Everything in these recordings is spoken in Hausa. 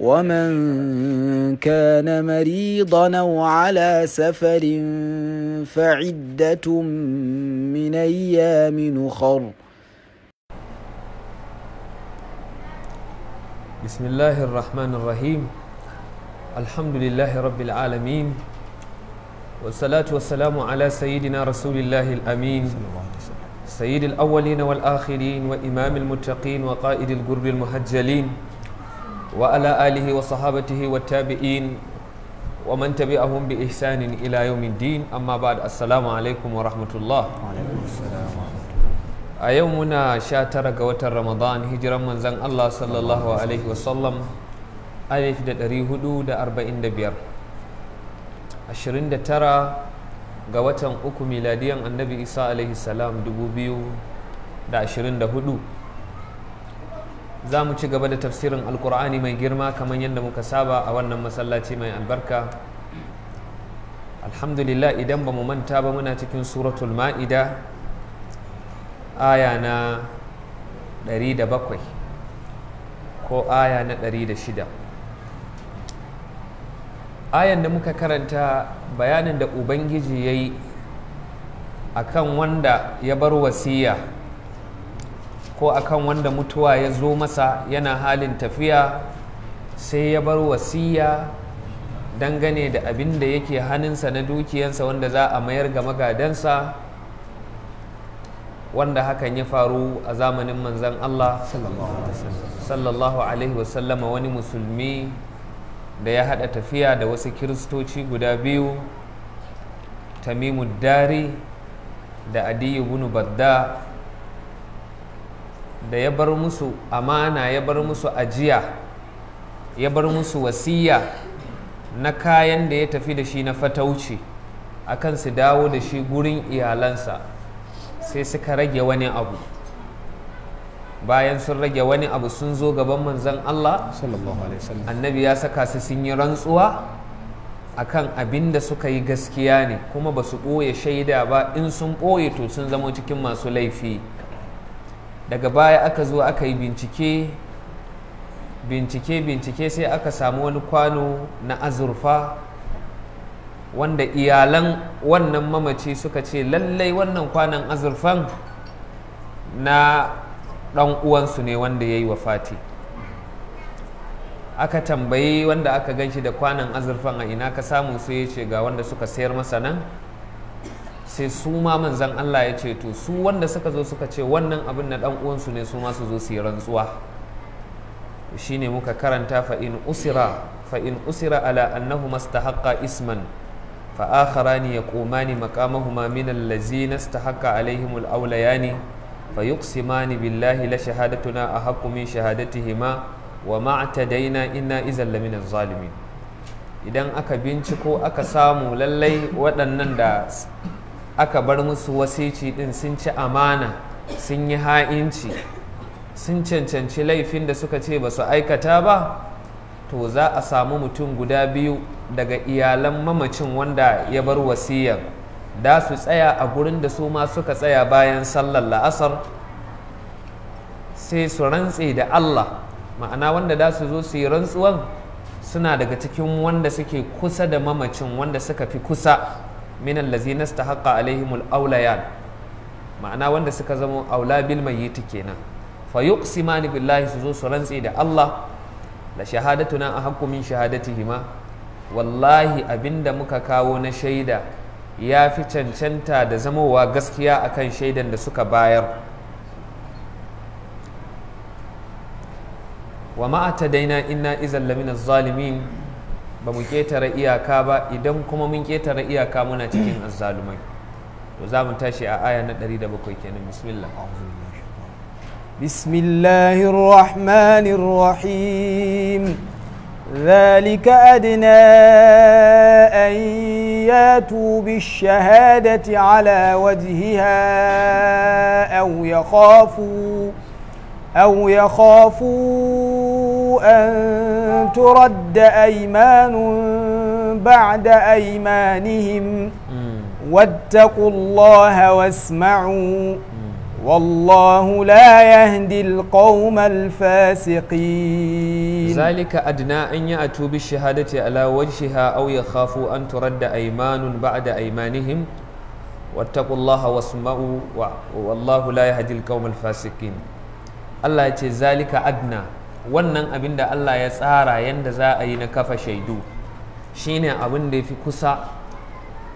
ومن كان مريضا او على سفر فعده من ايام اخر بسم الله الرحمن الرحيم الحمد لله رب العالمين والصلاة والسلام على سيدنا رسول الله الأمين سيد الأولين والآخرين وإمام المتقين وقائد الجر المهجلين وعلى آله وصحابته والتابعين ومن تبعهم بإحسان إلى يوم الدين أما بعد السلام عليكم ورحمة الله وعليكم السلام a yau muna sha tara ga watan ramadan hijiran manzan allah sallallahu alaihi wasallam alif da ɗari hudu da arba'in da biyar ashirin da tara ga watan uku miladiyan annabi isa alaihi salam dubu biyu da ashirin da hudu za mu ci gaba da tafsirin alkur'ani mai girma kamar yadda muka saba a wannan masallaci mai albarka alhamdulillah idan ba mu manta ba muna cikin suratul ma'ida aya na 107 ko aya na 106 ayan da muka karanta bayanin da ubangiji ya yi a kan wanda ya bar wasiya ko akan wanda mutuwa ya zo masa yana halin tafiya sai ya bar wasiya dangane da abin da yake hannunsa na dukiyansa wanda za a mayar ga magadansa wanda hakan ya faru a zamanin manzan Allah sallallahu alaihi wasallama wani musulmi da ya hada tafiya da wasu kiristoci guda biyu tamimu dari da adiyu bunu badda da ya bar musu amana ya bar musu ajiya ya bar musu wasiya na kayan da ya tafi da shi na fatauci akan su dawo da shi gurin iyalansa sai suka rage wani abu bayan sun rage wani abu sun zo gaban manzan Allah annabi ya saka su sun yi rantsuwa akan abin da suka yi gaskiya ne kuma ba su ɓoye shaida ba in sun ɓoye to sun zama cikin masu laifi daga baya aka zo aka yi bincike bincike bincike sai aka samu wani kwano na azurfa wanda iyalan wannan mamaci suka ce lallai wannan kwanon azurfan na ɗan uwansu ne wanda ya yi wa fati aka tambayi wanda aka ganshi da kwanon azurfan a ina ka samu sai ya ce ga wanda suka sayar masa nan sai su ma manzan Allah ya ce to su wanda suka zo suka ce wannan abin na dan uwansu ne su ma su zo su yi rantsuwa shine muka karanta fa in usira fa in usira ala annahu mastahaqqa isman fa akharani yaqumani maqamahuma min allazina istahaqqa alaihim alawlayani fa yuqsimani billahi la shahadatuna ahaqqu min shahadatihima wa ma atadaina inna idhal lamin zalimin idan aka binciko aka samu lallai waɗannan da aka bar musu wasici din sun ci amana sun yi ha'inci sun cancanci laifin da suka ce ba su aikata ba to za a samu mutum guda biyu daga iyalan mamacin wanda ya bar wasiyar da su tsaya a gurin da su ma suka tsaya bayan sallar la'asar sai su rantse da Allah ma'ana wanda da su zo su yi rantsuwan suna daga cikin wanda suke kusa da mamacin wanda suka fi kusa min ta haƙa alaihimul awlayan ma'ana wanda suka zama aula bil mayyit kenan fa yuqsimani billahi su zo su rantse da Allah la a haƙƙo min hima. wallahi abinda muka kawo na shaida ya fi cancanta da zamowa gaskiya akan shaidan da suka bayar wa ta daina inna izan lamina zalimin ba mu ƙetare iyaka ba idan kuma mun ƙetare iyaka muna cikin azzalumai to za mu tashi a aya na 107 kenan bismillah bismillahir rahmanir rahim ذلك أدنى أن ياتوا بالشهادة على وجهها أو يخافوا أو يخافوا أن ترد أيمان بعد أيمانهم واتقوا الله واسمعوا والله لا يهدي القوم الفاسقين ذلك أدنى أن يأتوا بالشهادة على وجهها أو يخافوا أن ترد أيمان بعد أيمانهم واتقوا الله واسمعوا والله لا يهدي القوم الفاسقين الله يتي ذلك أدنى wannan abin da Allah ya tsara yadda za a yi na kafa shaidu shine abin da ya fi kusa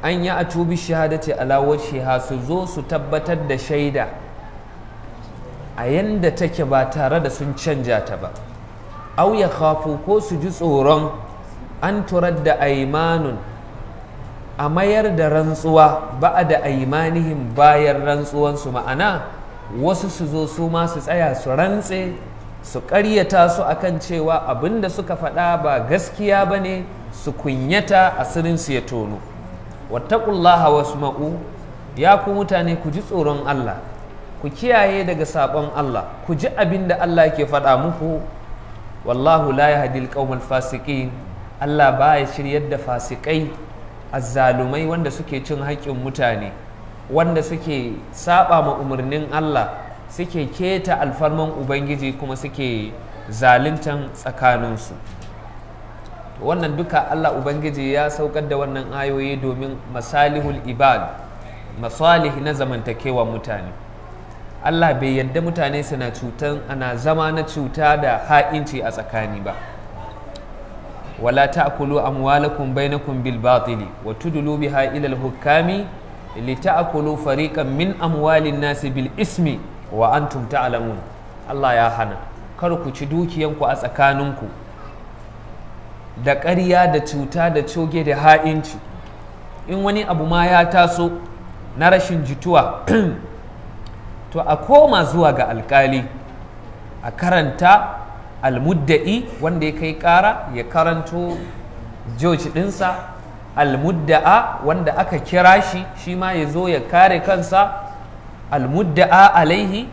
an yi a tubi shahadati alawar shiha su zo su tabbatar da shaida a yadda take ba tare da sun canja ta ba au ya kafu ko su ji tsoron an turar da aimanun a mayar da rantsuwa ba da aimanihin bayan rantsuwansu ma'ana wasu su zo su ma su tsaya su rantse su ƙaryata su a kan cewa abin da suka faɗa ba gaskiya ba ne su kunyata asirinsu ya tono wattaqullaha ma'u ya ku mutane ku ji tsoron Allah ku kiyaye daga saɓon Allah ku ji abin da Allah ke faɗa muku wallahu la ya hadil qaumal fasiqin Allah ba ya shiryar da fasikai azzalumai wanda suke cin haƙƙin mutane wanda suke saɓa ma umarnin Allah suke keta alfarman ubangiji kuma suke zalintan tsakaninsu wannan duka allah ubangiji ya saukar da wannan ayoyi domin masalihul ibad masalihi na zamantakewa mutane allah bai yadda mutane suna cutan ana zama na cuta da ha'inci a tsakani ba wala ta'kulu amwalakum bainakum bil batili wa tudlu biha ila al hukami li ta'kulu fariqan min amwalin nasi bil ismi wa antum ta'lamun Allah ya hana kar ku ci dukiyanku a tsakaninku da ƙarya da cuta da coge da ha'inci in wani abu ma ya taso na rashin jituwa to a koma zuwa ga alƙali a karanta almudda'i wanda ya kai ƙara ya karanto george ɗinsa almudda'a wanda aka kira shi shi ma ya zo ya kare kansa a alaihi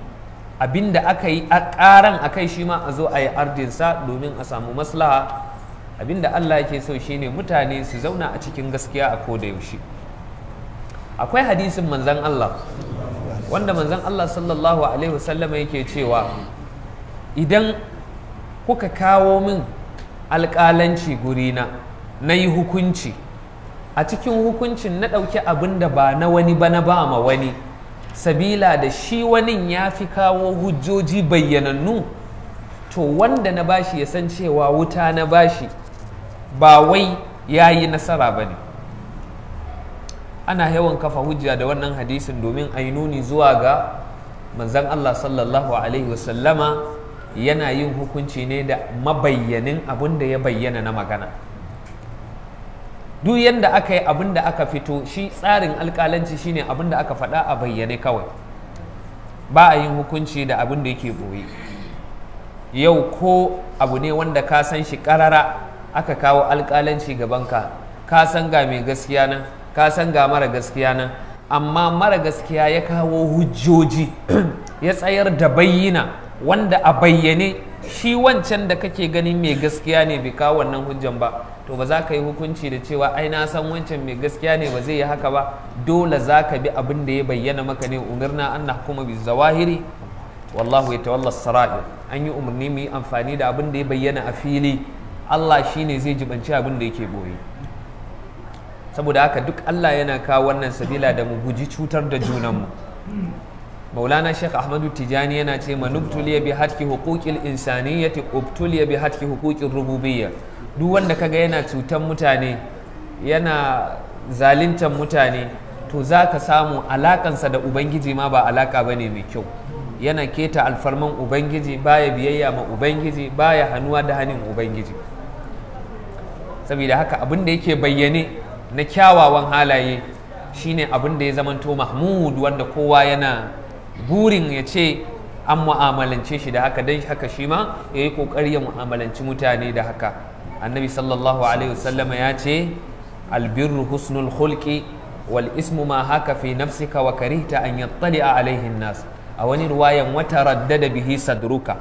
abinda aka yi a ƙaran akai shi ma a zo a yi ardinsa domin a samu maslaha abinda Allah yake so shine mutane su zauna a cikin gaskiya a koda yaushe akwai hadisin manzan Allah wanda manzan Allah sallallahu alaihi wasallama yake cewa idan kuka kawo min alƙalanci gurina na yi hukunci a cikin hukuncin na ɗauki abin da ba na wani ba na ba ma wani sabila da shi wani ya fi kawo hujjoji bayyanannu to wanda na bashi ya san cewa wuta na bashi ba wai ya yi nasara ba ne ana yawan kafa hujja da wannan hadisin domin a nuni zuwa ga manzan Allah sallallahu alaihi wasallama yana yin hukunci ne da mabayyanin abin da ya bayyana na magana. duk yadda aka yi abin da aka fito shi tsarin alkalanci shine abin da aka faɗa a bayyane kawai ba a yin hukunci da abin da yake boye yau ko abu ne wanda ka san shi ƙarara aka kawo alkalanci gabanka ka san ga mai gaskiya nan ka san ga mara gaskiya nan amma mara gaskiya ya kawo hujjoji ya tsayar da bayyana wanda a bayyane shi wancan da kake ganin mai gaskiya ne bai kawo wannan hujjan ba to ba za ka yi hukunci da cewa ai na san wancan mai gaskiya ne ba zai yi haka ba dole za ka bi abin da ya bayyana maka ne umarna an kuma bi zawahiri wallahu ya tawalla sara'i an yi umarni mu yi amfani da abin da ya bayyana a fili Allah shi ne zai jibanci abin da yake boye saboda haka duk Allah yana kawo wannan sabila da mu guji cutar da junanmu maulana sheikh ahmadu tijani yana ce manubtuliya bi hatki huquqil insaniyyati ubtuliya bi hatki hukukin rububiyya duk wanda kaga yana cutan mutane yana zalintan mutane to za ka samu alakansa da ubangiji ma ba alaka bane mai kyau yana keta alfarman ubangiji baya biyayya ma ubangiji baya hannuwa da hannun ubangiji saboda haka abin da yake bayyane na kyawawan halaye shine abin da ya zamanto mahmud wanda kowa yana burin ya ce an mu'amalance shi da haka dan haka shi ma ya yi ƙoƙari ya mu'amalanci mutane da haka annabi sallallahu alaihi wasallama ya ce albirru husnul hulki wal ismu ma haka fi nafsika wa karihta an yattali a alaihin nas a wani ruwayan wata raddada bihi sadruka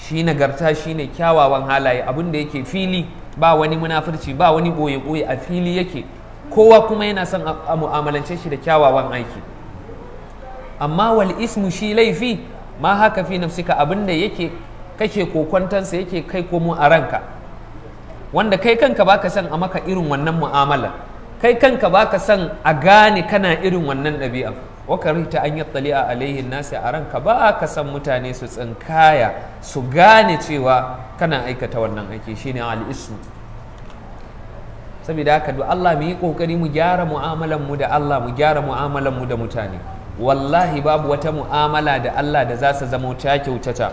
shi nagarta ne kyawawan halaye abin da yake fili ba wani munafurci ba wani boye-boye a fili yake kowa kuma yana son a mu'amalance shi da kyawawan aiki amma wal ismu shi laifi ma haka fi nafsika abinda yake kake kokwantansa yake kai komo a ranka wanda kai kanka baka san a maka irin wannan mu'amala kai kanka baka san a gane kana irin wannan ɗabi'a wakarita an yattali a alaihin nasi a ranka ba ka san mutane su tsinkaya su gane cewa kana aikata wannan aiki shine al'isu saboda haka duk Allah mu yi kokari mu gyara mu'amalan mu da Allah mu gyara mu'amalan mu da mutane wallahi babu wata mu'amala da Allah da za su zama ta kyautata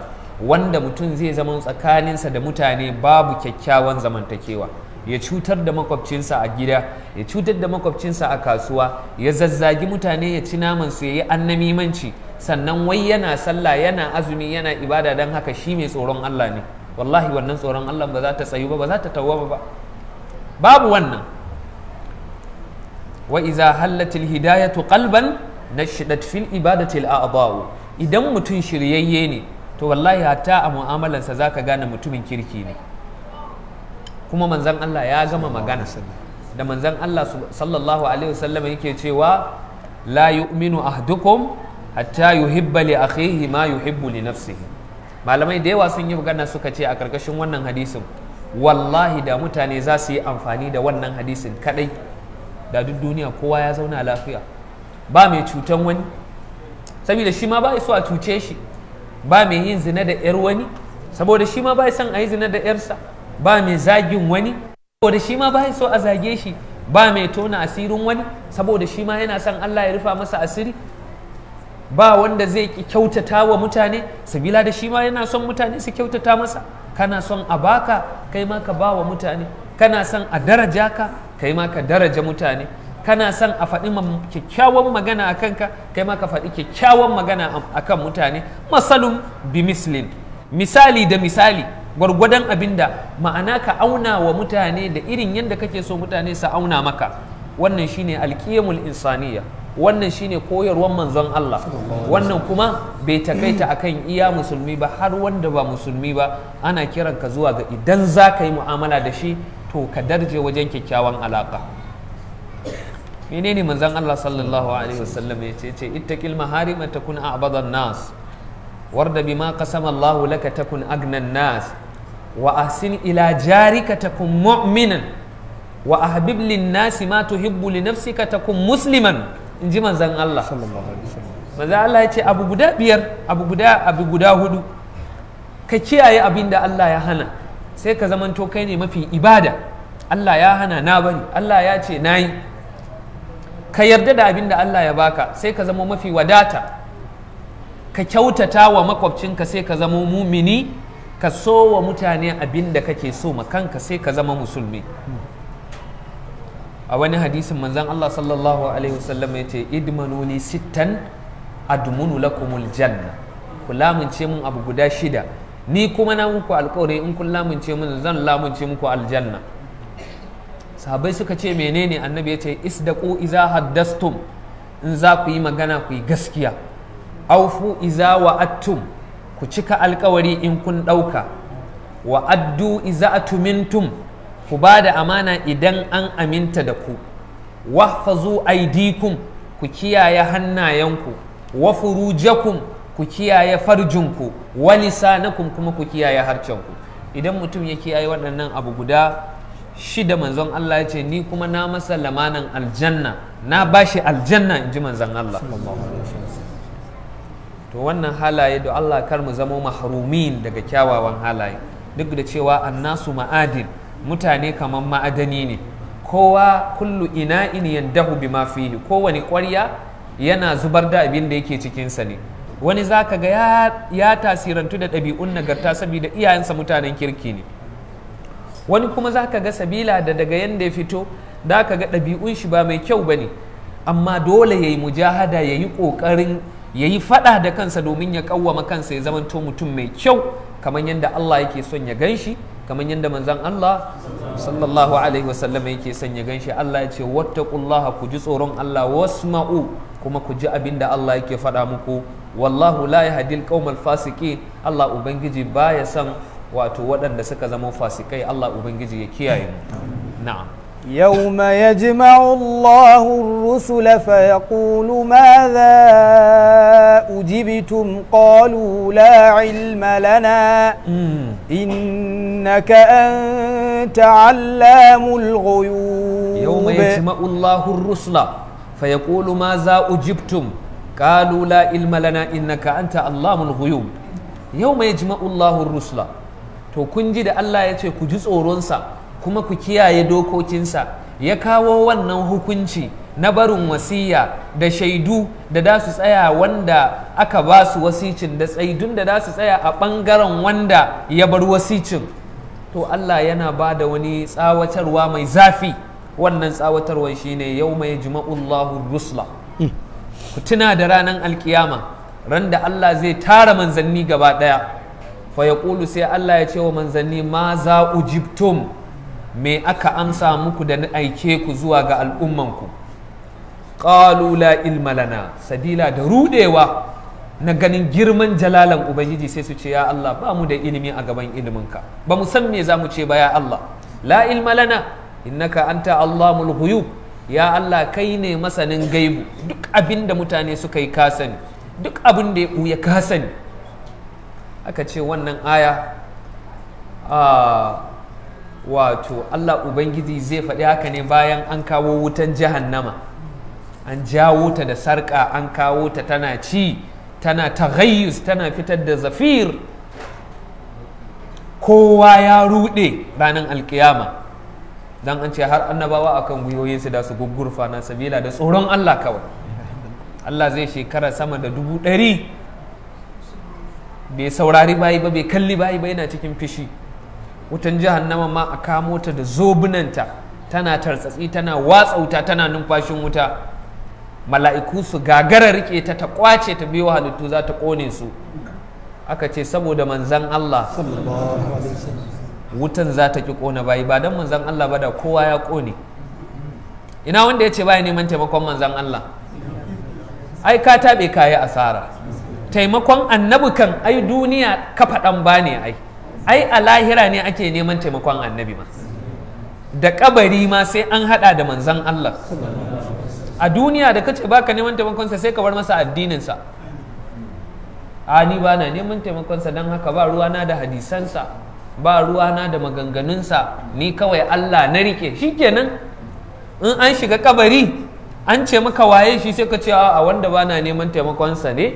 wanda mutum zai zama tsakaninsa da mutane babu kyakkyawan zamantakewa ya cutar da makwabcinsa a gida ya cutar da makwabcinsa a kasuwa ya zazzagi mutane ya ci naman su yayi manci. sannan wai yana sallah yana azumi yana ibada don haka shi mai tsoron Allah ne wallahi wannan tsoron Allah ba za ta tsayu ba ba za ta tawwaba ba babu wannan wa iza hallatil hidayatu qalban nashidat fil ibadatil a'dahu idan mutum shiryayye ne to wallahi hatta a mu'amalansa zaka gane mutumin kirki ne kuma manzan Allah ya gama magana da manzan Allah sallallahu alaihi wasallam yake cewa la yu'minu ahdukum hatta yuhibba li akhihi ma yuhibbu li nafsihi malamai da yawa sun yi magana suka ce a karkashin wannan hadisin wallahi da mutane za su yi amfani da wannan hadisin kadai da duk duniya kowa ya zauna lafiya ba mai cutan wani saboda shi ma ba so a cuce shi ba mai yin zina da yar wani saboda shi ma ba son a yi zina da yarsa ba mai zagin wani saboda shi ma ba so a zage shi ba mai tona asirin wani saboda shi ma yana son Allah ya rufa masa asiri ba wanda zai ki kyautata wa mutane sabila da shi ma yana son mutane su kyautata masa kana son a baka kai ma ka ba wa mutane kana son a daraja ka kai ma ka daraja mutane kana son a faɗi kyakkyawan magana a kanka kai ma ka faɗi kyakkyawan magana a kan mutane masalun bi mislin misali da misali gwargwadon abin da ma'ana ka auna wa mutane da irin yadda kake so mutane su auna maka wannan shine alkiyamul insaniya wannan shine koyarwar manzon Allah wannan kuma bai takaita akan iya musulmi ba har wanda ba musulmi ba ana kiran ka zuwa ga idan za ka yi mu'amala da shi to ka darje wajen kyakkyawan alaka. ne manzon Allah sallallahu alaihi wasallam ya ce ce ittaqil maharim takun a'badan nas warda bima qasama Allah laka takun agnan nas wa ahsin ila jarika takun mu'minan wa ahbib lin nasi ma tuhibbu li nafsika takun musliman inji manzon Allah sallallahu alaihi wasallam manzon Allah ya ce abu guda biyar abu guda abu guda hudu ka kiyaye abin da Allah ya hana sai ka zamanto kai ne mafi ibada Allah ya hana na bari Allah ya ce na yi ka yarda da abin da Allah ya baka sai ka zama mafi wadata ka kyautata wa makwabcinka sai ka zama mumini ka so wa mutane abin da kake so ma kanka sai ka zama musulmi a wani hadisin manzan Allah sallallahu alaihi wasallam ya ce idmanuli sittan admunu lakumul janna ku lamunce mun abu guda shida ni kuma na muku alkawari in kun lamunce mun zan lamunce muku aljanna sahabai suka ce menene annabi ya ce isdaqu iza haddastum in za ku yi magana ku yi gaskiya aufu iza wa'attum ku cika alkawari in kun ɗauka wa'addu iza atumintum ku ba da amana idan an aminta da ku wahfazu aidikum ku kiyaye hannayenku wa furujakum ku kiyaye farjinku wa lisanakum kuma ku kiyaye harcenku idan mutum ya kiyaye waɗannan abu guda shida manzon Allah ya ce ni kuma na masa lamanan aljanna na bashi aljanna in ji manzon Allah to wannan halaye da Allah kar mu zama mahrumin daga kyawawan halaye duk da cewa annasu ma'adin mutane kamar ma'adani ne kowa kullu ina'in yandahu bima fihi kowani ƙwarya yana zubar da abin da yake cikinsa ne wani zaka ga ya tasirantu da ɗabi'un nagarta saboda iyayensa mutanen kirki ne wani kuma za ka ga sabila da daga yadda ya fito da ka ga ɗabi'un shi ba mai kyau ba ne amma dole ya yi mujahada ya yi ƙoƙarin ya yi faɗa da kansa domin ya ƙawwama kansa ya zamanto mutum mai kyau kamar yadda Allah yake son ya gan shi kamar yadda manzan Allah sallallahu alaihi wasallam yake son ya gan shi Allah ya ce wattaqullaha ku ji tsoron Allah wasma'u kuma ku ji abin da Allah yake faɗa muku wallahu la yahdil qaumal fasiqin Allah ubangiji ba ya san. wato waɗanda suka zama fasikai Allah ubangiji ya kiyaye mu na'am يوم يجمع الله الرسل فيقول ماذا أجبتم قالوا لا علم لنا إنك أنت علام الغيوب يوم يجمع الله الرسل فيقول ماذا أجبتم قالوا لا علم لنا إنك أنت علام الغيوب يوم يجمع الله الرسل to kun ji da Allah ya ce ku ji tsoronsa kuma ku kiyaye dokokinsa ya kawo wannan hukunci na barin wasiya da shaidu da da su tsaya wanda aka ba su wasicin da tsaidun da da su tsaya a ɓangaren wanda ya bar wasicin to Allah yana ba da wani tsawatarwa mai zafi wannan tsawatarwa ne yau mai jima'ullahu rusla hmm. ku tuna da ranar alkiyama ran da Allah zai tara manzanni gaba ɗaya fa ƙulu sai Allah ya ce wa manzanni ma za ujibtum me aka amsa muku da na aike ku zuwa ga al'ummanku qalu la ilma lana sadila da rudewa na ganin girman jalalan ubangiji sai su ce ya Allah ba mu da ilimi a gaban iliminka ba mu san me za mu ce ba ya Allah la ilma lana innaka anta allamul ghuyub ya Allah kai ne masanin gaibu duk abinda mutane suka yi kasani duk abinda ya kasani aka ce wannan aya wato Allah Ubangiji zai faɗi haka ne bayan an kawo wutan nama an jawo ta da sarƙa an kawo ta tana ci tana taghayyus tana fitar da zafir kowa ya ruɗe ranar alkiyama don an ce har annabawa akan gwiwoyinsu da su gugurfa na sabila da tsoron Allah kawai Allah zai shekara sama da dubu ɗari bai saurari bayi ba bai kalli bayi ba yana cikin fishi wutan jahannama ma a kamo ta da zobunanta tana tartsatsi tana watsauta tana numfashin wuta mala'iku su gagara rike ta ta kwace ta biyo halittu za ta kone su aka ce saboda manzan Allah wutan za ta ki kona bayi ba dan manzan Allah ba da kowa ya kone ina wanda ya ce baya neman taimakon manzan Allah ai ka taɓe kayi asara taimakon annabi kan ai duniya kafa ɗan ba ne ai ai a lahira ne ake neman taimakon annabi ma da kabari ma sai an haɗa da manzan Allah a duniya da kace baka neman taimakonsa sai ka bar masa addininsa a ni ba na neman taimakonsa don haka ba ruwana da hadisansa ba ruwana da maganganunsa ni kawai Allah na rike shikenan in an shiga kabari an ce maka waye shi sai ka ce a wanda ba na neman taimakonsa ne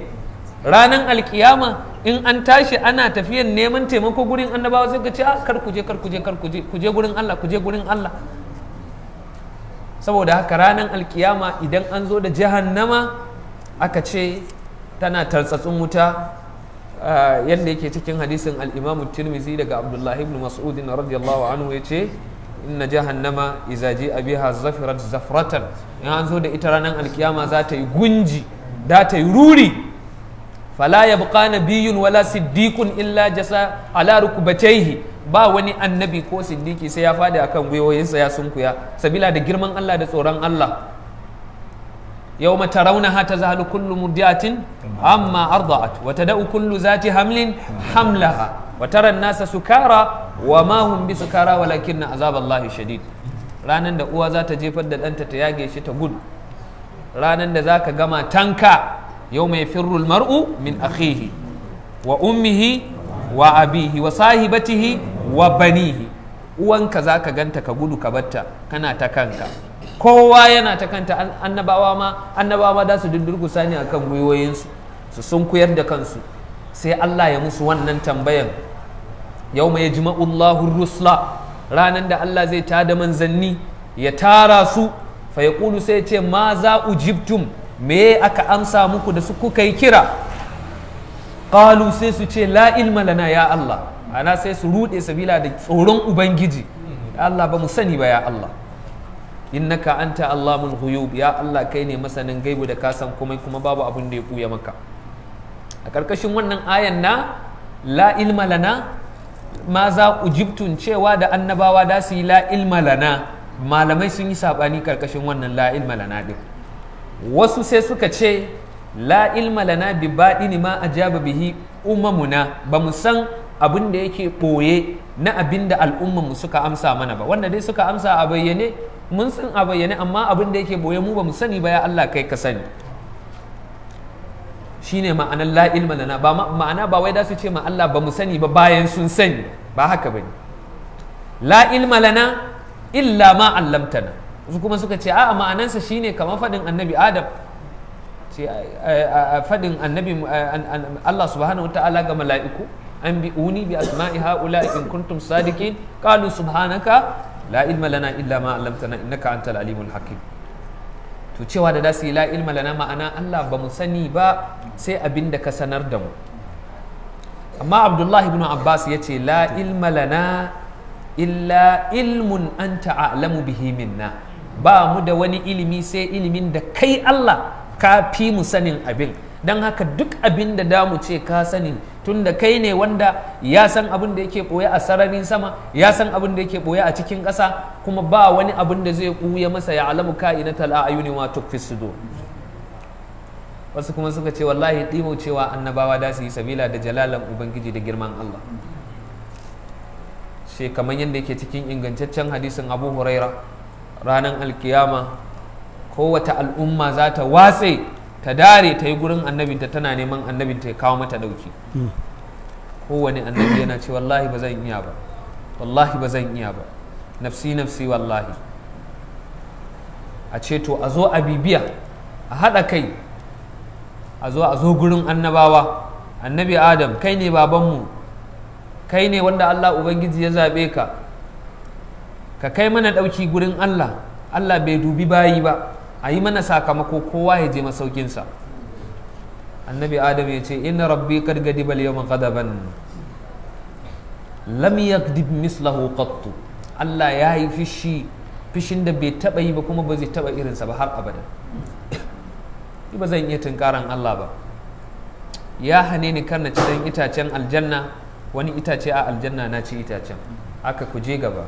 ranan alkiyama in an tashi ana tafiyan neman taimako gurin annabawa sai ka ce a ah, kar kuje kar kuje kar kuje kuje gurin Allah kuje gurin Allah saboda haka ranan alkiyama idan an zo da jahannama aka ce tana tartsatsin wuta ah, yadda yake cikin hadisin al-Imam Tirmidhi daga Abdullah ibn Mas'ud radiyallahu anhu yace inna jahannama iza ji abiha zafirat zafratan in an zo da ita ranar alkiyama za ta yi gunji za ta yi ruri fala yabqa biyun wala siddiqun illa jasa ala rukbatayhi ba wani annabi ko siddiki sai ya fadi akan gwiwoyinsa ya sunkuya sabila da girman Allah da tsoron Allah يوم ترونها تزهل كل مرضعة عما أرضعت وتدأ كل ذات حمل حملها وترى الناس سكارى وما هم بسكارى ولكن عذاب الله شديد ranan da uwa za ta jefar da ɗanta ta yage shi ta gudu ranan da za ka gama tanka yau mai firrul mar'u min akhihi wa ummihi wa abihi wa sahibatihi wa banihi uwanka za ka ganta ka gudu ka batta kana ta kanka kowa yana ta kanta annabawa ma annabawa ma za su dudurgusa ne akan gwiwoyinsu su sun kuyar da kansu sai Allah ya musu wannan tambayan yau mai jima'ullahu rusla ranar da Allah zai tada manzanni ya tara su fa sai ce ma za ujibtum me aka amsa muku da su kuka yi kira ƙalu sai su ce la ilma lana ya Allah ana sai su rude sabila da tsoron ubangiji Allah ba mu sani ba ya Allah innaka anta allamul ghuyub ya Allah kai ne masanin gaibu da kasan komai kuma babu abin da ya buya maka a karkashin wannan ayan na la ilma lana ma za ujibtun cewa da annabawa da su yi la ilma lana malamai sun yi sabani karkashin wannan la ilma lana din wasu sai suka ce la ilma lana bi baɗini ma ajaba bihi umamuna ba mu san abin da yake ɓoye na abin da al'ummanmu suka amsa mana ba wanda dai suka amsa a bayyane mun san a bayyane amma abin da yake ɓoye mu ba mu sani ba ya Allah kai ka sani shine ma'anar la ilma lana ba ma'ana ba wai da su ce ma Allah ba mu sani ba bayan sun sani ba haka bane la ilma lana illa ma allamtana su kuma suka ce a'a ma'anansa shine kamar faɗin annabi adam ce faɗin annabi Allah subhanahu wa ta'ala ga mala'iku an bi uni bi asma'i haula in kuntum sadiqin qalu subhanaka la ilma lana illa ma 'allamtana innaka antal alimul hakim to cewa da dasi la ilma lana ma'ana Allah ba mu sani ba sai abin da ka sanar da mu amma Abdullah ibn Abbas ya ce la ilma lana illa ilmun anta a'lamu bihi minna ba mu da wani ilimi sai ilimin da kai Allah ka fi mu sanin abin don haka duk abin da damu ce ka sani tun da kai ne wanda ya san abin da yake ɓoye a sararin sama ya san abin da yake ɓoye a cikin ƙasa kuma ba wani abin da zai ɓuya masa ya alamu tala a yuni wato fisido wasu kuma suka ce wallahi ɗimau cewa annabawa da su yi sabila da jalalan ubangiji da girman Allah shi kamar yadda yake cikin ingantaccen hadisin abu huraira ranar alkiyama kowace al'umma za ta watse ta dare ta yi gurin annabinta tana neman annabinta ya kawo mata dauki hmm. kowane annabi yana ce wallahi ba zan iya ba wallahi ba zan iya ba nafsi nafsi wallahi a ce to a zo a bibiya a haɗa kai a zo a zo gurin annabawa annabi adam kai ne babanmu kai ne wanda allah ubangiji ya zaɓe ka ka kai mana ɗauki gurin Allah Allah bai dubi bayi ba a yi mana sakamako kowa ya je masaukinsa annabi adam ya ce ina rabbi kad bal yau yawma ghadaban mislahu qattu Allah ya yi fishi fishin da bai taɓa yi ba kuma ba zai taɓa irinsa ba har abada ba zan iya tunkaran Allah ba ya hane ni kar na ci dan itacen aljanna wani itace a aljanna na ci itacen aka ku je gaba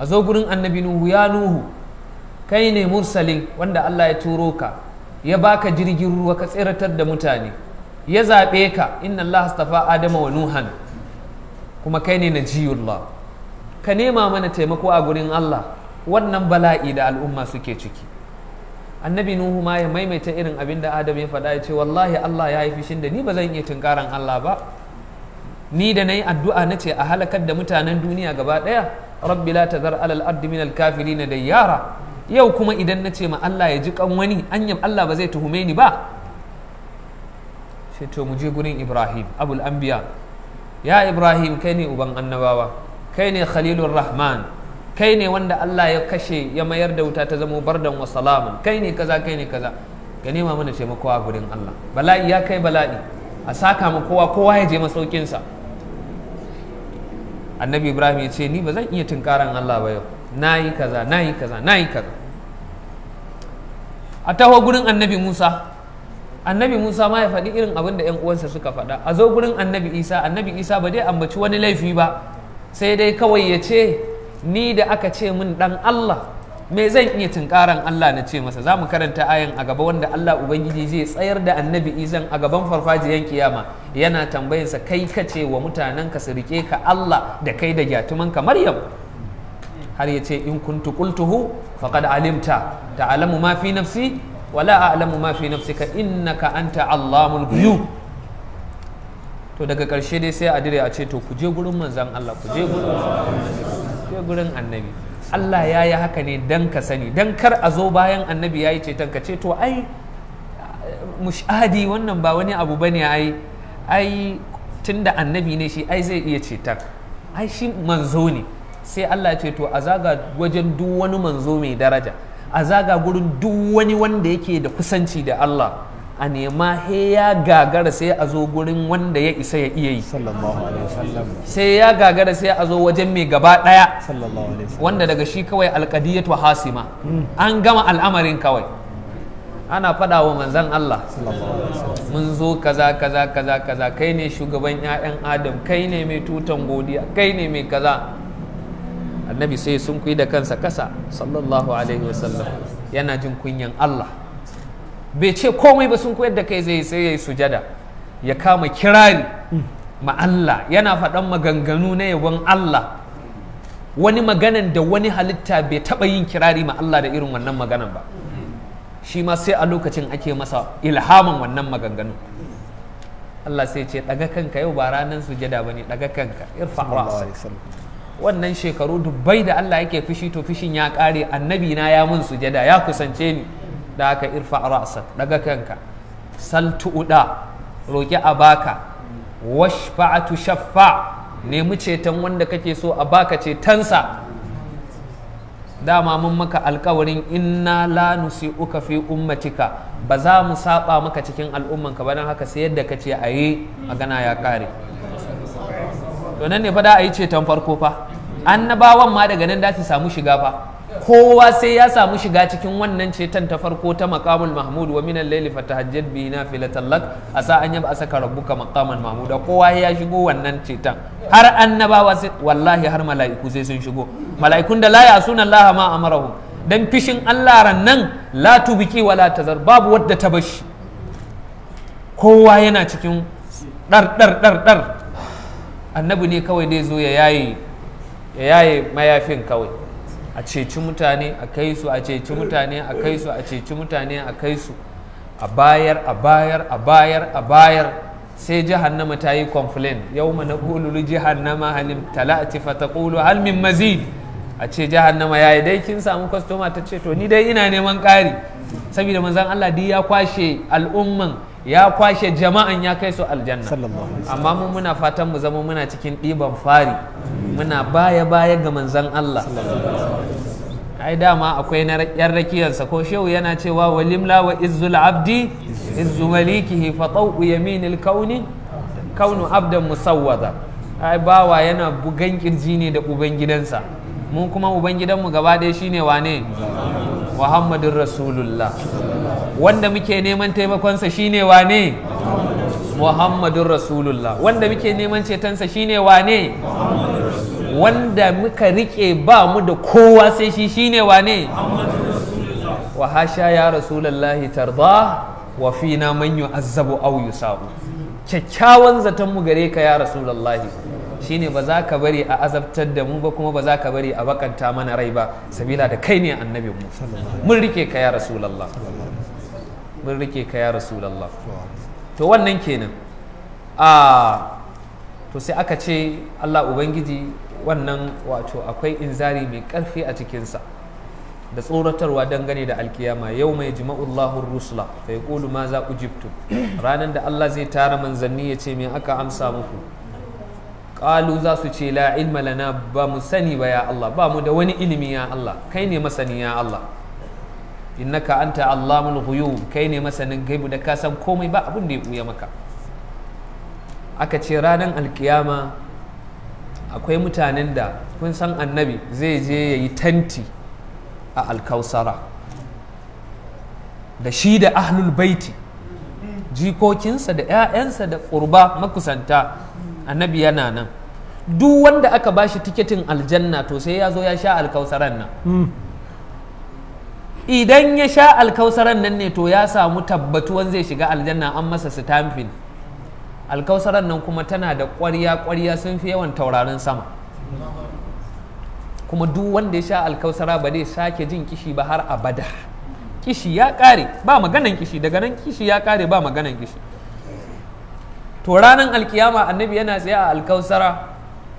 a zo gurin annabi nuhu ya nuhu kai ne mursalin wanda Allah ya turo ka ya baka jirgin ruwa ka tseratar da mutane ya zaɓe ka inna Allah astafa adama wa nuhan kuma kai ne na najiyullah ka nema mana taimako a gurin Allah wannan bala'i da al'umma suke ciki annabi nuhu ma ya maimaita irin abin da adam ya faɗa ya ce wallahi Allah ya haifi da ni ba zan iya tunkaran Allah ba ni da na yi addu'a na ce a halakar da mutanen duniya gaba ɗaya rabbi la tazar alal ardi minal kafirin da yara yau kuma idan na ce ma Allah ya ji kan wani anyam Allah ba zai tuhume ni ba sai to mu je gurin Ibrahim abul anbiya ya Ibrahim kai ne uban annabawa kai ne khalilur rahman kai ne wanda Allah ya kashe ya mayar da wuta ta zama bardan wa salaman kai ne kaza kai ne kaza ga nema mana taimako a gurin Allah bala'i ya kai bala'i a saka ma kowa kowa ya je masaukinsa annabi ibrahim ya ce ni ba zan iya tunkaran allah ba yau na yi kaza na yi kaza na yi kaza a taho gurin annabi musa annabi musa ma ya faɗi irin abin da 'yan uwansa suka faɗa a zo gurin annabi isa annabi isa ba dai ambaci wani laifi ba sai dai kawai ya ce ni da aka ce min ɗan allah me zan iya tunkaran Allah na ce masa za mu karanta ayan a gaba wanda Allah Ubangiji zai tsayar da annabi izan a gaban farfajiyan kiyama yana tambayinsa kai ka ce wa mutanenka su rike ka Allah da kai da gyatumanka Maryam har ya ce in kuntu qultuhu faqad alimta ta'lamu ma fi nafsi wala a a'lamu ma fi nafsika innaka anta allamul ghuyub to daga ƙarshe dai sai a dire a ce to ku je gurin manzon Allah ku je gurin annabi Allah ya yi haka ne dan ka sani dan kar a zo bayan annabi ya yi ceton ka ce to ai mushadi wannan ba wani abu bane ai ai da annabi ne shi ai zai iya ceton ai shi manzo ne sai Allah ce to a zaga wajen duk wani manzo mai daraja a zaga gurin duk wani wanda yake da kusanci da Allah a nema he ya gagara sai a zo gurin wanda ya isa ya iya yi sai ya gagara sai a zo wajen mai gaba daya wanda daga shi kawai alkadiyatu hasima an gama al'amarin kawai ana fada wa manzan Allah mun zo kaza kaza kaza kaza kai ne shugaban 'ya'yan adam kai ne mai tutan godiya kai ne mai kaza annabi sai sun kuyi da kansa kasa sallallahu alaihi wasallam yana jin kunyan Allah bai ce komai ba sun koyar da kai zai sai yayi sujada ya kama kirari ma Allah yana faɗan maganganu na yabon Allah wani maganan da wani halitta bai taɓa yin kirari ma Allah da irin wannan maganan ba shi ma sai a lokacin ake masa ilhamin wannan maganganu Allah sai ce daga kanka yau ba ranar sujada bane daga kanka irfa wannan shekaru dubbai da Allah yake fushi to fushin ya kare annabi na ya mun sujada ya kusance ni da aka irfa ra'sak daga kanka sal tu'da roƙi a baka washfa'atu shaffa nemi ceton wanda kake so a baka cetonsa dama mun maka alkawarin inna la nusi uka fi ummatika ba za mu saba maka cikin al'ummanka ba don haka sai yadda ka ce a yi magana ya kare to nan ne fa da a yi ceton farko fa annabawan ma daga nan da su samu shiga fa kowa sai ya samu shiga cikin wannan cetan ta farko ta makamul mahmud wa minan laili fatahajjat bi nafilatan a sa an yaba asaka rabbuka maqaman mahmuda kowa ya shigo wannan ceton har annabawa wallahi har mala'iku sai sun shigo mala'ikun da la sunan allaha ma amarahu dan fishin Allah ran nan la tubiki wala tazar babu wadda ta bashi kowa yana cikin dar dar dar dar annabi ne kawai dai zo ya yaye mayafin kawai a ceci mutane a kai su a ceci mutane a kai su a ceci mutane a kai su a bayar a bayar a bayar a bayar sai jahannama ta yi complain yau ma na kululu jahannama halim talati fata kulu halmin mazid a ce jahannama ya yi dai kin samu kwastoma ta ce to ni dai ina neman kari saboda manzan Allah duk ya kwashe al'umman ya kwashe jama'an ya kai su aljanna amma mun muna fatan mu zama muna cikin ɗiban fari muna baya baya ga manzan Allah ai dama akwai na yan rakiyarsa ko shehu yana cewa walimla wa izzul abdi izzu malikihi fa tawu yaminil kauni kaunu abdan musawwada ai bawa yana bugan kirji ne da ubangidansa mu kuma ubangidanmu gaba ɗaya shine wane muhammadun rasulullah wanda muke neman taimakonsa shine wane muhammadun rasulullah wanda muke neman cetonsa shine wane muhammadun wanda muka rike ba mu da kowa sai shi shine wane wa hasha ya rasulallah tarda wa fina azabu yu'azzabu aw yusabu kyakkyawan zaton mu gare ka ya shi shine ba za ka bari a azabtar da mu ba kuma ba za ka bari a bakanta mana rai ba sabila da kai ne annabin mu mun rike ka ya rasulallah mun rike ka ya rasulallah to wannan kenan a ah, to sai aka ce Allah ubangiji wannan wato akwai inzari mai ƙarfi a cikinsa da tsoratarwa dangane da alkiyama yau mai jima'ul jima'ullahu rusula fai Kulu ma za ujibtu ranar da Allah zai tara manzanni ya ce me aka amsa muku Kalu za su ce la ilma lana ba mu sani ba ya Allah ba mu da wani ilimi ya Allah kai ne masani ya Allah innaka anta allamul ghuyub kai ne masanin gaibu da ka san komai ba abin da ya buya maka aka ce ranar alkiyama akwai mutanen da kun san annabi zai je ya yi tanti a alkausara da shi da ahlul baiti jikokinsa da 'ya'yansa da ƙurba makusanta annabi yana nan duk wanda aka ba shi tiketin aljanna to sai ya zo ya sha alkausaran nan hmm. idan ya sha alkausaran nan ne to ya samu tabbatuwan zai shiga aljanna an masa stamping alkausarar nan kuma tana da ƙwarya ƙwarya sun fi yawan taurarin sama kuma duk wanda ya sha alkausara ba zai sake jin kishi ba har abada kishi ya ƙare ba maganan kishi daga nan kishi ya ƙare ba maganan kishi to ranar alkiyama annabi yana tsaye a alkausara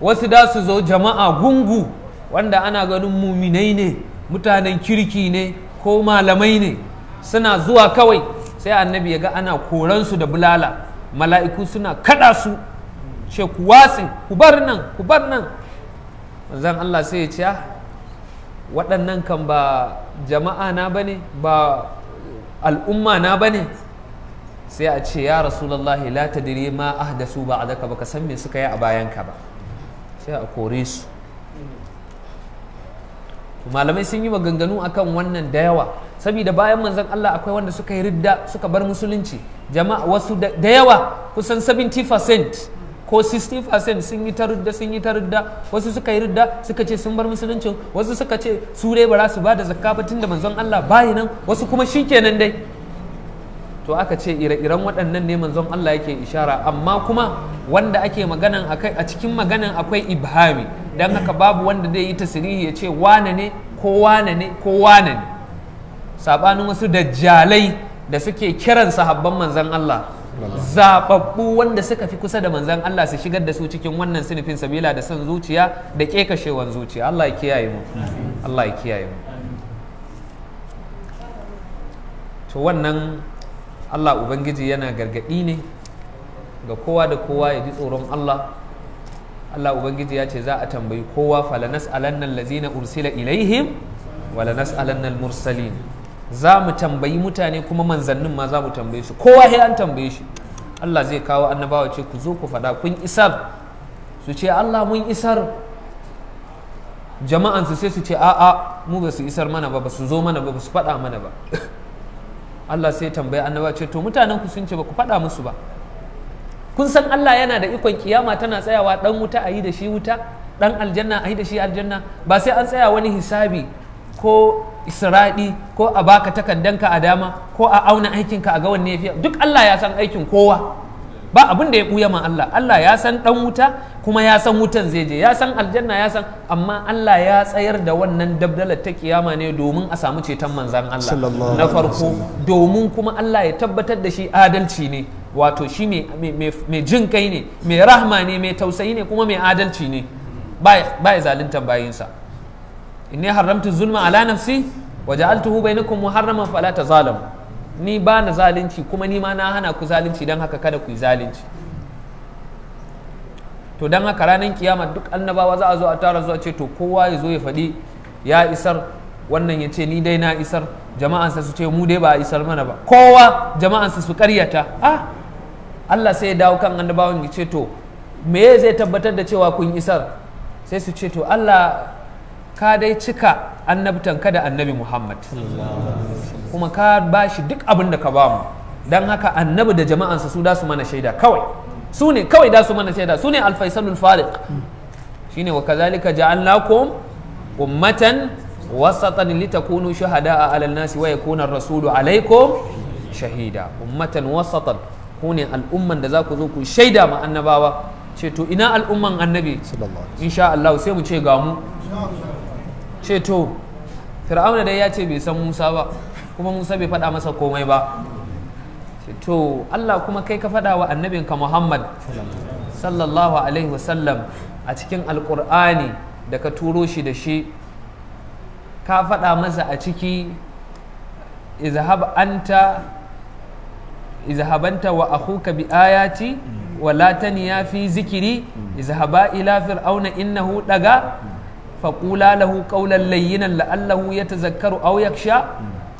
wasu da su zo jama'a gungu wanda ana ganin muminai ne mutanen kirki ne ko malamai ne suna zuwa kawai sai annabi ya ga ana koransu da bulala mala'iku suna kada su ce ku watsi ku bar nan ku bar nan manzon Allah sai ya ce ah, waɗannan kan ba jama'a na bane ba al'umma na bane sai a ce ya rasulullahi la tadri ma ahdasu ba ka san me suka yi a bayanka ba sai a kore su malamai sun yi maganganu akan wannan da yawa saboda bayan manzon Allah akwai wanda suka yi ridda suka bar musulunci jama'a wasu da yawa kusan 70% ko 60% sun yi ta sun yi ta ridda wasu suka yi ridda suka ce sun bar musulunci wasu suka ce su dai ba za su ba da zakka ba tunda manzon Allah bayi nan wasu kuma shikenan dai to aka ce ire-iren waɗannan ne manzon Allah yake ishara amma kuma wanda ake maganan a cikin maganan akwai ibhami don haka babu wanda zai yi tasirihi ya ce wane ne ko wane ne ko wane ne sabanin wasu dajjalai da suke kiran sahabban manzan Allah zababbu wanda suka fi kusa da manzan Allah su shigar da su cikin wannan sinifin sabila da son zuciya da kekashewan zuciya Allah ya kiyaye mu Allah ya kiyaye mu to wannan Allah ubangiji yana gargaɗi ne ga kowa da kowa ya ji tsoron Allah Allah ubangiji ya ce za a tambayi kowa falanas alannan lazina ursila ilaihim walanas alannan mursalin za mu tambayi mutane kuma manzannin ma za mu tambaye su kowa sai an tambaye shi Allah zai kawo annabawa ce ku zo ku faɗa kun isar su ce Allah mun isar jama'ansu sai su ce a'a mu ba su isar mana ba ba su zo mana ba ba su faɗa mana ba Allah sai tambayi annabawa ce to mutanen ku sun ce ba ku faɗa musu ba kun san Allah yana da ikon kiyama tana tsayawa dan wuta a yi da shi wuta dan aljanna a yi da shi aljanna ba sai an tsaya wani hisabi ko isra'i ko a baka ka a dama ko a auna aikinka a ga wanne yafi duk Allah ya san aikin kowa ba abin da ya buya ma Allah Allah ya san dan wuta kuma ya san wutan zai je ya san aljanna ya san amma Allah ya tsayar da wannan dabdalar ta kiyama ne domin a samu ceton manzan Allah na farko domin kuma Allah ya tabbatar da shi adalci ne wato shi mai jin kai ne mai rahma ne mai tausayi ne kuma mai adalci ne ba ya zalinta bayinsa ya haramta zulma ala nafsi wa ja'altuhu bainakum muharrama fala tazalamu ni ba na zalunci kuma ni ma na hana ku zalunci don haka kada ku yi zalunci to don haka ranar kiyama duk annabawa za a zo a tara zuwa ce to kowa ya zo ya faɗi ya isar wannan ya ce ni dai na isar jama'ansa su ce mu dai ba a isar mana ba kowa jama'ansa su karyata ah Allah sai ya dawo kan annabawan ya ce to me zai tabbatar da cewa kun isar sai su ce to Allah ka dai cika annabtan ka da annabi Muhammad kuma ka bashi duk abin da ka ba mu don haka annabi da jama'ansa su da su mana shaida kawai su ne kawai da su mana shaida su ne alfaisalul fariq shine wa kazalika ja'alnakum ummatan wasatan litakunu shuhada'a 'alan nasi wa yakuna ar-rasulu 'alaykum shahida ummatan wasatan ku ne al'umman da za ku zo ku shaida ma annabawa ce to ina al'umman annabi insha Allah sai mu ce ga mu ce to fir'auna dai ya ce bai san Musa ba kuma Musa bai faɗa masa komai ba ce to Allah kuma kai ka faɗa wa annabinka Muhammad sallallahu alaihi wasallam a cikin alƙur'ani da ka turo shi da shi ka faɗa masa a ciki izhab anta izhabanta waahu kabi'a ya ci wa la taniya fi zikiri izhaba ila fir'auna innahu daga faqula lahu qawlan layyinan la'allahu yatazakkaru aw yaksha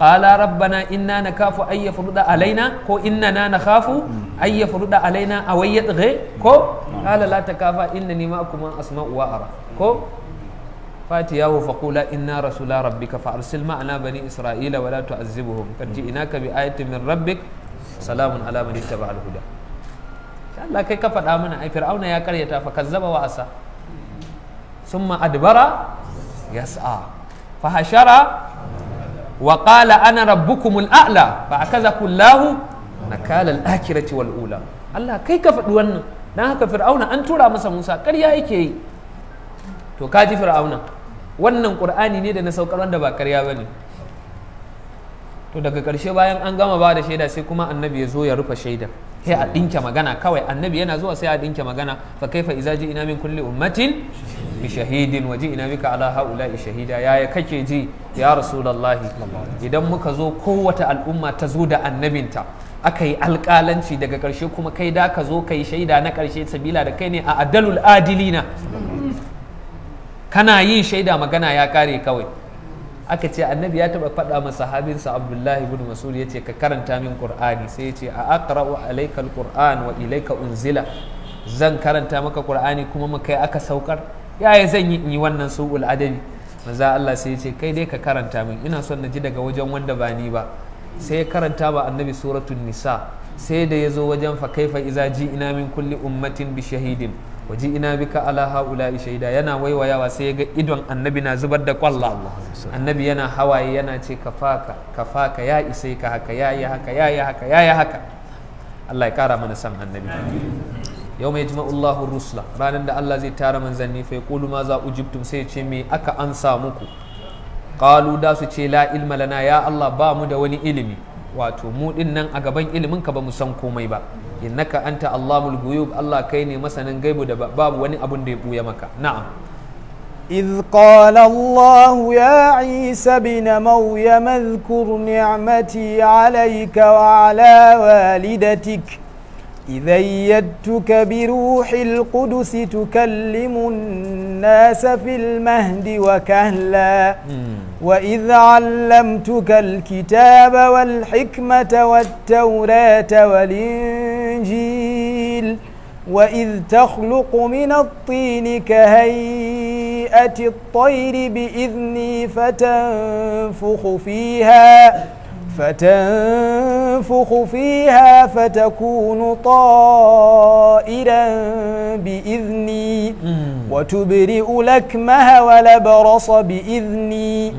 qala rabbana inna nakafu an yafruda alaina ko innana nakhafu an yafruda alaina aw yatghi ko qala la takafa innani ma'akum asma'u wa فاتياه فقولا إنا رسول ربك فأرسل معنا بني إسرائيل ولا تعذبهم قد جئناك بآية من ربك salamun ala man ittaba al huda Allah kai ka faɗa mana ai fir'auna ya karyata fa kazzaba wa asa summa adbara yas'a fa hashara wa qala ana rabbukumul a'la fa akaza kullahu nakala al akhirati wal ula Allah kai ka faɗi wannan dan haka fir'auna an tura masa Musa ƙarya yake yi to kaji fir'auna wannan qur'ani ne da na saukar wanda ba ƙarya bane to daga karshe bayan an gama ba da shaida sai kuma annabi ya zo ya rufe shaida sai a ɗinke magana kawai annabi yana zuwa sai a ɗinke magana fa kaifa iza ji ina min kulli ummatin bi shahidin waje ina bika ala haula shahida yaya kake ji ya rasulullah idan muka zo kowace al'umma ta zo da annabinta aka yi alƙalanci daga ƙarshe kuma kai da ka zo kai shaida na ƙarshe sabila da kai ne a adalul adilina kana yin shaida magana ya kare kawai aka ce annabi ya taba faɗa masa sahabinsa abdullahi ibn mas'ud yace ka karanta min qur'ani sai yace a aqra'u alayka alquran wa ilayka unzila zan karanta maka qur'ani kuma mu aka saukar yaya zan yi in yi wannan su'ul adabi manzo Allah sai yace kai dai ka karanta min ina son na ji daga wajen wanda ba ni ba sai ya karanta ba annabi suratul nisa sai da ya zo wajen fa kaifa iza ji ina min kulli ummatin bi shahidin waji ina bika ala haula shaida yana waiwayawa sai ya ga idon annabi na zubar da kwallo annabi yana hawaye yana ce kafaka kafaka ya isa ka haka ya yi haka ya yi haka ya yi haka Allah ya kara mana san annabi yau mai jima Allahu rusula ranar da Allah zai tara manzanni fa kulu ma za ujibtum sai ce me aka ansa muku qalu da su ce la ilma lana ya Allah ba mu da wani ilimi wato mu din nan a gaban ilimin ka ba mu san komai ba innaka anta allamul ghuyub Allah kai ne masanin gaibu da babu wani abun da ya buya maka na'am إذ قال الله يا عيسى بن مريم اذكر نعمتي عليك وعلى والدتك إذا يدتك بروح القدس تكلم الناس في المهد وكهلا وإذ علمتك الكتاب والحكمة والتوراة والإنجيل وإذ تخلق من الطين كهيئة الطير بإذني فتنفخ فيها فتنفخ فيها فتكون طائرا بإذني وتبرئ لكمها ولبرص بإذني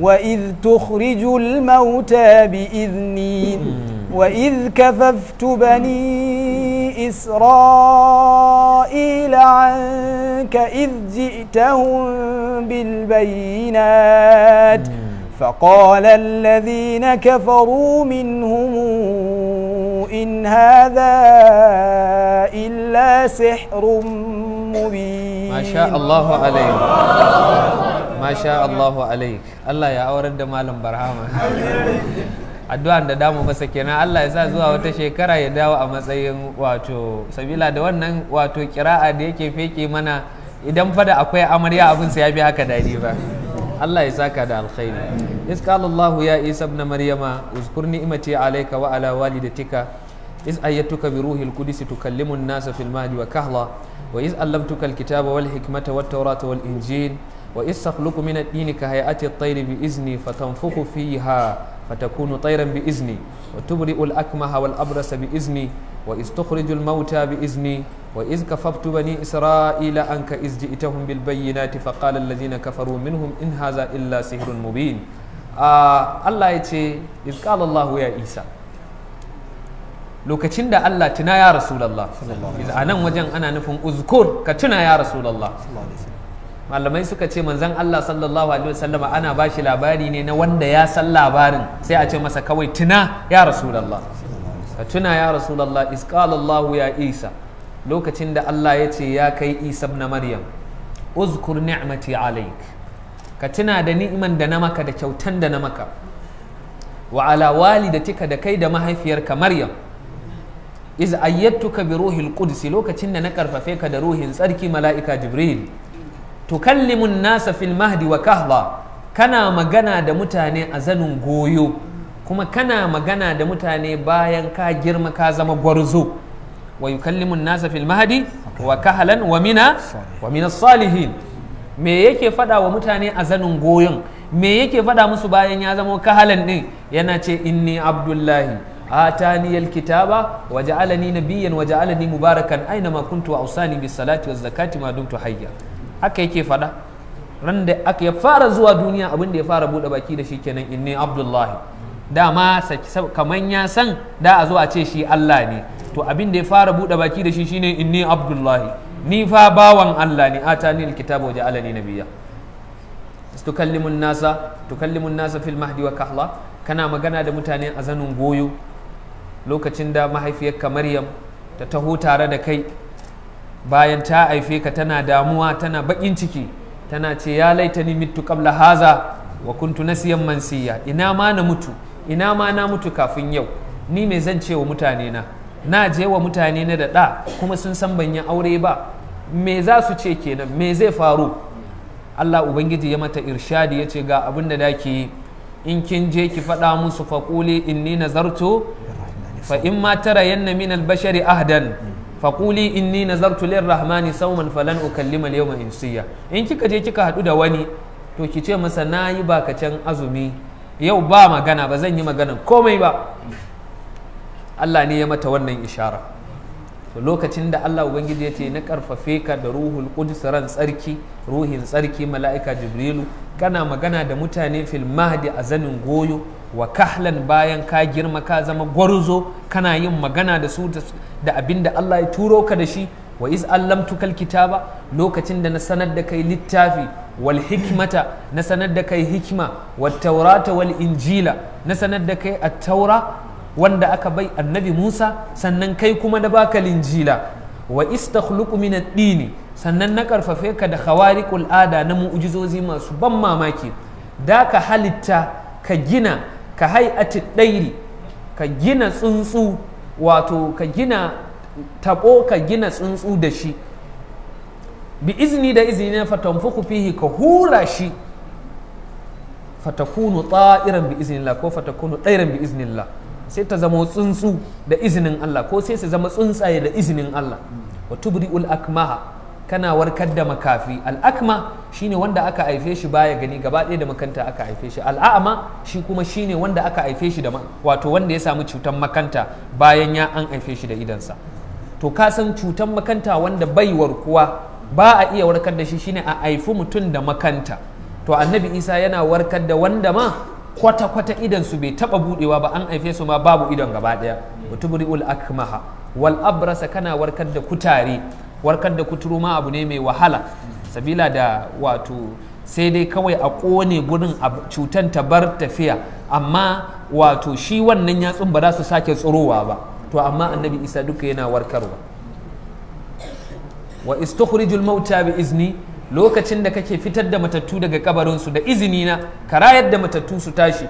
وإذ تخرج الموتى بإذني وإذ كففت بني إسرائيل عنك إذ جئتهم بالبينات فقال الذين كفروا منهم إن هذا إلا سحر مبين ما شاء الله عليك ما شاء الله عليك الله يا أورد دم علم برهام أدوان دا دامو مسكينا الله يسا زوا وتشكرا يداو أما سيين واتو سبيلا دوان واتو كراء ديكي فيكي منا إذا مفادا أكوية أمريا أبن سيابي هكذا يديفا Allah ya saka da alkhairi is qala Allah ya Isa ibn Maryama uzkur ni'mati alayka wa ala walidatika is ayyatuka bi ruhil qudus tukallimu an-nasa fil mahdi wa kahla wa is allamtuka al-kitaba wal hikmata wat tawrata wal injil wa is takhluqu min ad-dini ka hay'ati at-tayri bi izni fatanfukhu fiha فتكون طيرا بإذني وتبرئ الأكمه والأبرص بإذني وإذ تخرج الموتى بإذني وإذ كففت بني إسرائيل أنك إذ جئتهم بالبينات فقال الذين كفروا منهم إن هذا إلا سحر مبين آه الله يتي إذ قال الله يا إيسى lokacin da Allah tuna ya Rasulallah a nan wajen ana nufin uzkur ka tuna ya Rasulallah malamai suka ce manzon Allah sallallahu alaihi wasallam ana ba shi labari ne na wanda ya san labarin sai a ce masa kawai tuna ya rasulullah ka tuna ya rasulullah isqalallahu ya isa lokacin da Allah ya ce ya kai isa na maryam uzkur ni'mati alaik ka tuna da ni'iman da na maka da kyautan da na maka wa ala walidatika da kai da mahaifiyarka maryam iz ayyatuka bi ruhil qudus lokacin da na karfafe ka da ruhin tsarki mala'ika jibril tukallimun nasa fil mahdi wa kahla kana magana da mutane a zanin goyo kuma kana magana da mutane bayan ka girma ka zama gwarzo wa yukallimun nasa fil mahdi wa kahlan wa mina wa mina salihin me yake fada wa mutane a zanin goyon me yake fada musu bayan ya zama kahalan din yana ce inni abdullahi atani alkitaba wa ja'alani nabiyyan wa ja'alani mubarakan aina ma kuntu wa ausani bis salati waz zakati ma dumtu hayya haka yake faɗa ran da aka ya fara zuwa duniya abin da ya fara buɗe baki da shi kenan inni abdullahi dama kaman ya san da a zo a ce shi Allah ne to abin da ya fara buɗe baki da shi shine inni abdullahi ni fa bawan Allah ne atani alkitab wa ja'alani nabiyya tukallimun nasa tukallimun nasa fil mahdi wa kahla kana magana da mutane a zanin goyo lokacin da mahaifiyarka Maryam ta taho tare da kai bayan ta haife ka tana damuwa tana bakin ciki tana ce ya ni mitu kabla haza wa kuntu nasiyan mansiya ina ma na mutu ina ma na mutu kafin yau ni me zan ce wa mutane na na je wa mutane na da ɗa kuma sun san ban yi aure ba me za su ce kenan me zai faru Allah ubangiji ya mata irshadi ya ce ga abin da dake yi in kin je ki faɗa musu faƙuli inni nazartu fa in ma tara yanna min albashari ahdan faƙuli in ni nazartu lir rahmani sauman falan ukallima yawma insiya in kika je kika haɗu da wani to ki ce masa na yi bakacen azumi yau ba magana ba zan yi magana komai ba Allah ne ya mata wannan ishara to lokacin da Allah ubangiji ya ce na karfafe ka da ruhul qudus ran tsarki ruhin tsarki mala'ika jibrilu kana magana da mutane fil mahdi a zanin goyo wa kahlan bayan ka girma ka zama gwarzo kana yin magana da su da abin da Allah ya turo ka da shi wa iz tukal kitaba lokacin da na sanar da kai littafi wal hikmata na sanar da kai hikma wat taurata wal injila na sanar da kai at-taura wanda aka bai annabi Musa sannan kai kuma na baka linjila wa istakhluqu min ad-dini sannan na karfafe ka da khawariqul ada na mu'jizozi masu ban mamaki da ka halitta ka gina ka hay'ati dairi ka gina tsuntsu wato ka gina tabo ka gina tsuntsu da shi bi izni da izni na fatanfuku fihi ka hura shi fatakunu ta'iran bi iznillah ko fatakunu dairan bi iznillah sai ta zama tsuntsu da izinin Allah ko sai su zama tsuntsaye da izinin Allah wa tubri'ul akmaha kana warkar da makafi al'akma shine wanda aka haife shi baya gani gaba ɗaya da makanta aka haife shi al'a'ama shi kuma shine wanda aka haife shi da wato wanda ya samu cutar makanta bayan ya an haife shi da idansa to ka san cutar makanta wanda bai warkuwa ba a iya warkar da shi shine a haifi mutum da makanta to annabi isa yana warkar da wanda ma kwata-kwata idan su bai taba budewa ba an haife su ma babu idon gaba daya ul akmaha wal abrasa kana warkar da kutare warkar da kuturu ma abu ne mai wahala sabila da wato sai dai kawai a kone gurin cutan ta bar tafiya amma wato shi wannan yatsun ba za su sake tsirowa ba to amma annabi isa duka yana warkarwa wa istukhrijul mauta bi izni lokacin da kake fitar da matattu daga kabarinsu da izini na ka rayar da matattu su tashi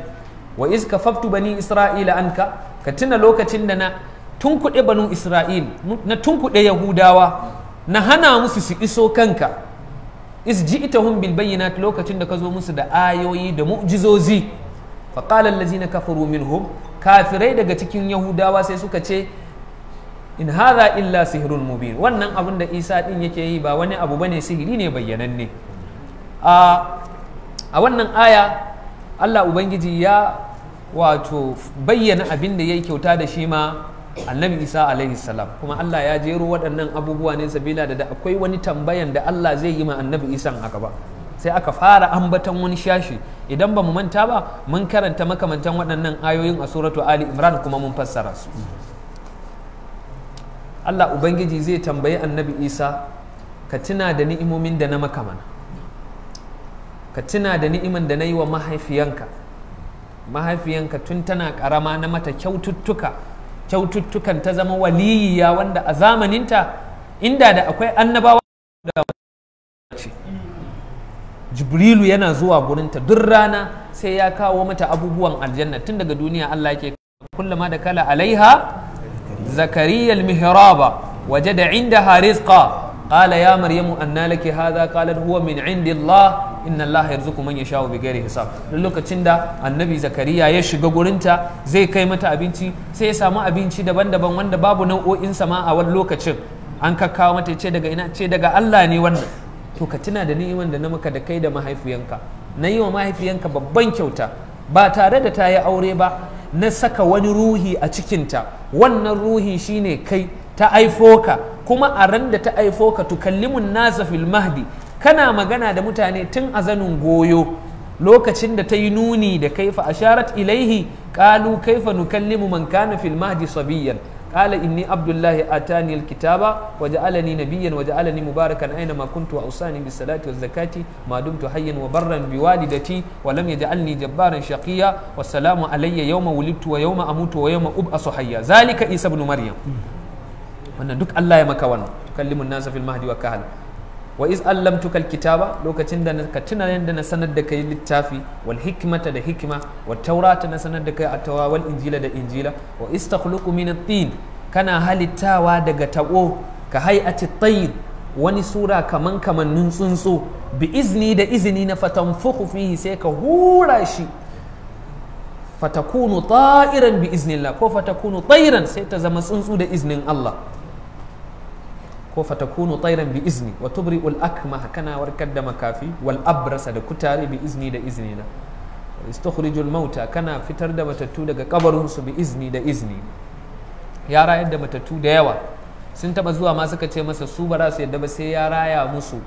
wa iska faftu bani isra'ila anka ka tuna lokacin da na tunkuɗe banu isra'il na tunkuɗe yahudawa na hana musu su iso kanka is ji'tahum bil bayyinat lokacin da ka zo musu da ayoyi da mu'jizozi fa qala allazina kafaru minhum kafirai daga cikin yahudawa sai suka ce in hada illa sihirun mubin wannan abin da isa din yake yi ba wani abu bane sihiri ne bayyananne a wannan aya Allah ubangiji ya wato bayyana abin da ya yi kyauta da shi ma annabi isa alaihi salam kuma allah ya jero waɗannan abubuwa ne sabila da akwai wani tambayan da allah zai yi ma annabi isa a gaba sai aka fara ambaton wani shashi idan ba mu manta ba mun karanta makamantan waɗannan ayoyin a suratu ali imran kuma mun fassara su Allah Ubangiji zai tambayi annabi Isa ka tuna da ni'imomin da na maka mana ka tuna da ni'iman da na yi wa mahaifiyanka mahaifiyanka tun tana karama na mata kyaututtuka kyaututtukan ta zama waliyiya wanda a zamaninta inda da akwai annabawa da jibrilu yana zuwa gurinta duk rana sai ya kawo mata abubuwan aljanna tun daga duniya Allah yake kullama da kala alaiha زكريا المهراب وجد عندها رزقا قال يا مريم أن لك هذا قالت هو من عند الله إن الله يرزق من يشاء بغير حساب lokacin da annabi zakariya ya shiga gurinta zai kai mata abinci sai ya samu abinci daban-daban wanda babu nau'o'in sama a wani lokacin an kakkawo mata ce daga Allah ne wannan to ka tuna da ni'iman da na muka da kai da mahaifiyanka na yi wa mahaifiyanka babban kyauta ba tare da ta yi aure ba na saka wani ruhi a cikinta wannan ruhi shine kai ta aifo ka kuma a ran da ta aifo ka tukallimun nasa fil mahdi kana magana da mutane tun a zanin goyo lokacin da ta yi nuni da kaifa asharat ilaihi qalu kaifa nukallimu man kana fil mahdi sabiyan qala abdullahi atani alkitaba wa ja'alani nabiyyan wa ja'alani mubarakan aina ma kuntu wa usani bis salati waz zakati ma dumtu wa barran bi walidati wa lam alayya yawma wulidtu wa yawma amutu wa yawma zalika isa maryam wannan duk Allah ya maka wannan wa iz allamtuka alkitaba lokacin da ka tuna yadda na sanar da kai littafi wal hikmata da hikima wa taurata na sanar da kai attawa wal injila da injila wa istakhluqu min at-tin kana halittawa daga tabo ka hay'ati at wani sura kaman kamannin tsuntsu bi izni da izini na fatanfuku fihi sai ka hura shi fatakunu ta'iran bi iznillah ko fatakunu ta'iran sai ta zama tsuntsu da iznin Allah ko fatakunu tsairan bi izni wa tubri'ul akma kana warkar da makafi wal abrasa da kutare bi izni da izni na istakhrijul mauta kana fitar da matattu daga kabarin su bi izini da izni ya rayar da matattu da yawa sun taba zuwa ma suka ce masa su ba za su yadda ba sai ya raya musu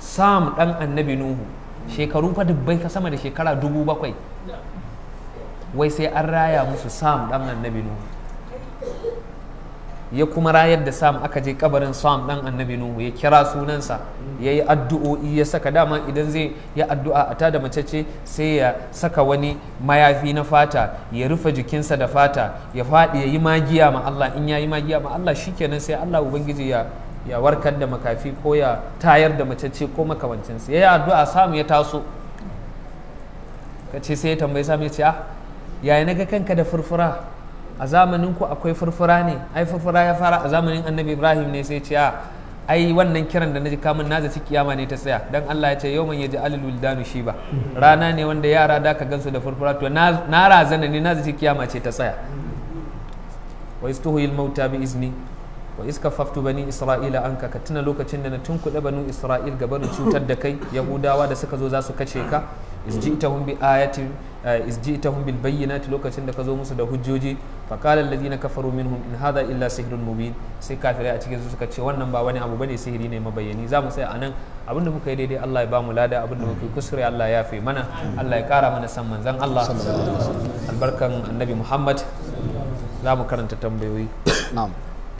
sam dan annabi nuhu shekaru fa dubbai ka sama da shekara dubu bakwai wai sai an raya musu sam dan annabi nuhu ya kuma rayar da sam aka je kabarin sam dan annabi nuhu ya kira sunansa ya yi addu'o'i ya saka dama idan zai ya addu'a a tada macece sai ya saka wani mayafi na fata ya rufe jikinsa da fata ya faɗi ya yi magiya ma Allah in ya yi magiya ma Allah shikenan sai Allah ubangiji ya ya warkar da makafi ko ya tayar da macece ko makamancinsa ya yi addu'a sam ya taso ka sai ya tambayi sam ya ce ah yaya na ga kanka da furfura a zamanin ku akwai furfura ne ai furfura ya fara a zamanin annabi ibrahim ne sai ce a ah, ai wannan kiran da na ji kamun na zaci kiyama ne ta tsaya dan Allah ya ce yau man yaji alil wuldanu shi ba rana ne wanda yara da ka gansu da furfura to na razana ne na zaci kiyama ce ta tsaya wa istuhil mauta bi izni wa iska faftu bani isra'ila anka ka tuna lokacin da na tunkuɗe banu isra'il ga barin cutar da kai yahudawa da suka zo za su kace ka isji ta bi ayatin izji'tahum bil bayyinati lokacin da ka zo musu da hujjoji fa qala alladhina kafaru minhum in hadha illa sihrun mubin sai kafirai a cikin su suka ce wannan ba wani abu bane sihiri ne mabayani za mu tsaya anan abinda muka yi daidai Allah ya ba mu lada abinda muka yi kusure Allah ya fi mana Allah ya kara mana san manzon Allah albarkan annabi Muhammad za mu karanta tambayoyi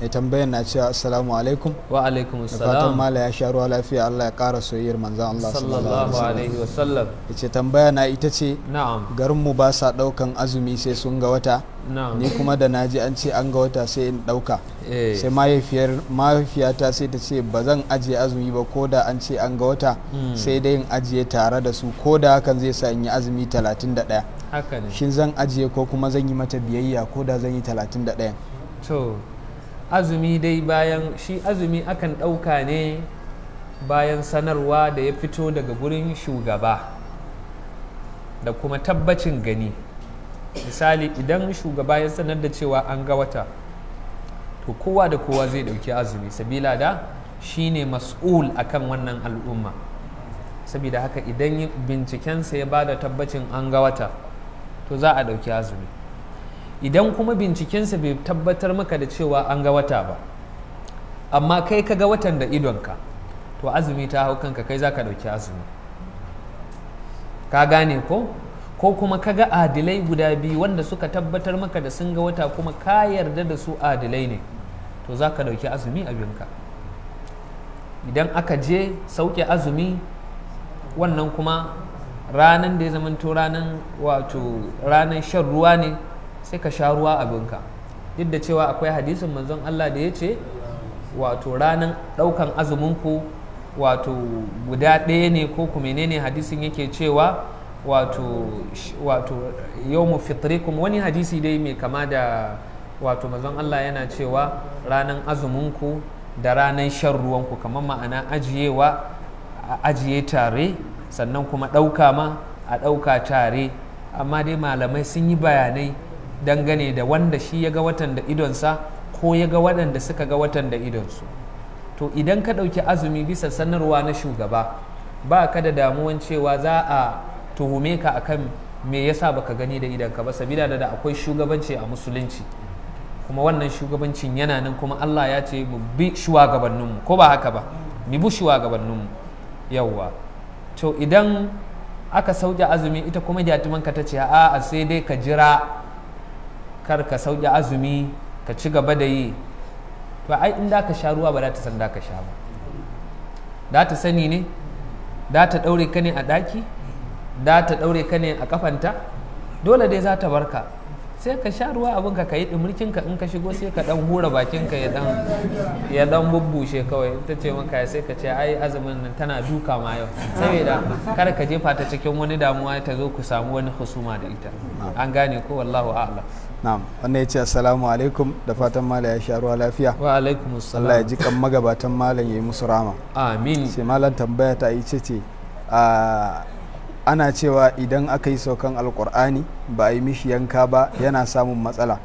ya tambayan na cewa assalamu alaikum wa alaikum assalam fatan mala ya sharuwa lafiya Allah ya kara soyayyar manzan Allah sallallahu alaihi wa sallam yace tambaya na ita ce na'am garin mu ba sa daukan azumi sai sun ga wata ni kuma da naji an ce an ga wata sai in dauka eh. sai mahaifiyar mahaifiyata sai ta ce ba zan ajiye azumi ba ko da an ce an ga wata hmm. sai dai in ajiye tare da su ko da hakan zai sa in yi azumi 31 haka ne shin zan ajiye ko kuma zan yi mata biyayya ko da zan yi 31 to azumi dai bayan shi azumi akan ɗauka ne bayan sanarwa da ya fito daga gurin shugaba da kuma tabbacin gani misali idan shugaba ya sanar da cewa an ga wata to kowa da kowa zai ɗauki azumi sabila da shi ne mas'ul kan wannan al'umma saboda haka idan bincikensa ya ba da tabbacin an ga wata to za a ɗauki azumi idan kuma bincikensa bai tabbatar maka da cewa an ga wata ba amma kai ka ga watan da idonka to azumi ta hau kanka kai za ka ɗauki azumi ka gane ko ko kuma ka ga adilai guda biyu wanda suka tabbatar maka da sun ga wata kuma ka yarda da su adilai ne to za ka ɗauki azumi abinka idan aka je sauke azumi wannan kuma ranan da ya zamanto ranan wato ranan shan ruwa ne sai ka sha ruwa abinka duk da cewa akwai hadisin manzon Allah da ya ce wato ranar ɗaukan azuminku wato guda ɗaya ne ko kuma menene hadisin yake cewa wato wato yawmu fitrikum wani hadisi dai mai kama da wato manzon Allah yana cewa ranar ku da ranar shan ruwan ku kamar ma'ana ajiyewa ajiye tare sannan kuma ɗauka ma a ɗauka tare amma dai malamai sun yi bayanai dangane da wanda shi ya ga watan da idonsa ko ya ga waɗanda suka ga watan da idonsu to idan ka ɗauki azumi bisa sanarwa na shugaba ba ka da damuwan cewa za a tuhume ka akan me yasa baka gani da idanka ba sabida da akwai shugabanci a musulunci kuma wannan shugabancin yana nan kuma Allah ya ce mu bi shugabanninmu ko ba haka ba mu bi shugabanninmu yawwa to idan aka sauke azumi ita kuma ka ta ce a'a sai dai ka jira kar ka sauki azumi ka ci gaba da yi to ai in da ka sha ruwa ba za ta san da ka sha ba da ta sani ne da ta ɗaure ka ne a ɗaki da ta ɗaure ka ne a ƙafanta, dole dai za ta barka sai ka sha ruwa abin ka yi ɗumurkin ka in ka shigo sai ka ɗan hura bakin ka ya ɗan ya ɗan bubbushe kawai ta ce maka sai ka ce ai azumin nan tana duka ma yau saboda kada ka jefa ta cikin wani damuwa ta zo ku samu wani husuma da ita an gane ko wallahu a'lam na'am wannan yace assalamu alaikum da fatan malam ya sha ruwa lafiya wa alaikum assalam Allah ya ji kan magabatan malam yayi musu rama amin sai malam tambaya ta yi ce ana cewa idan aka yi saukan alkur'ani ba a yi mishi yanka ba yana samun matsala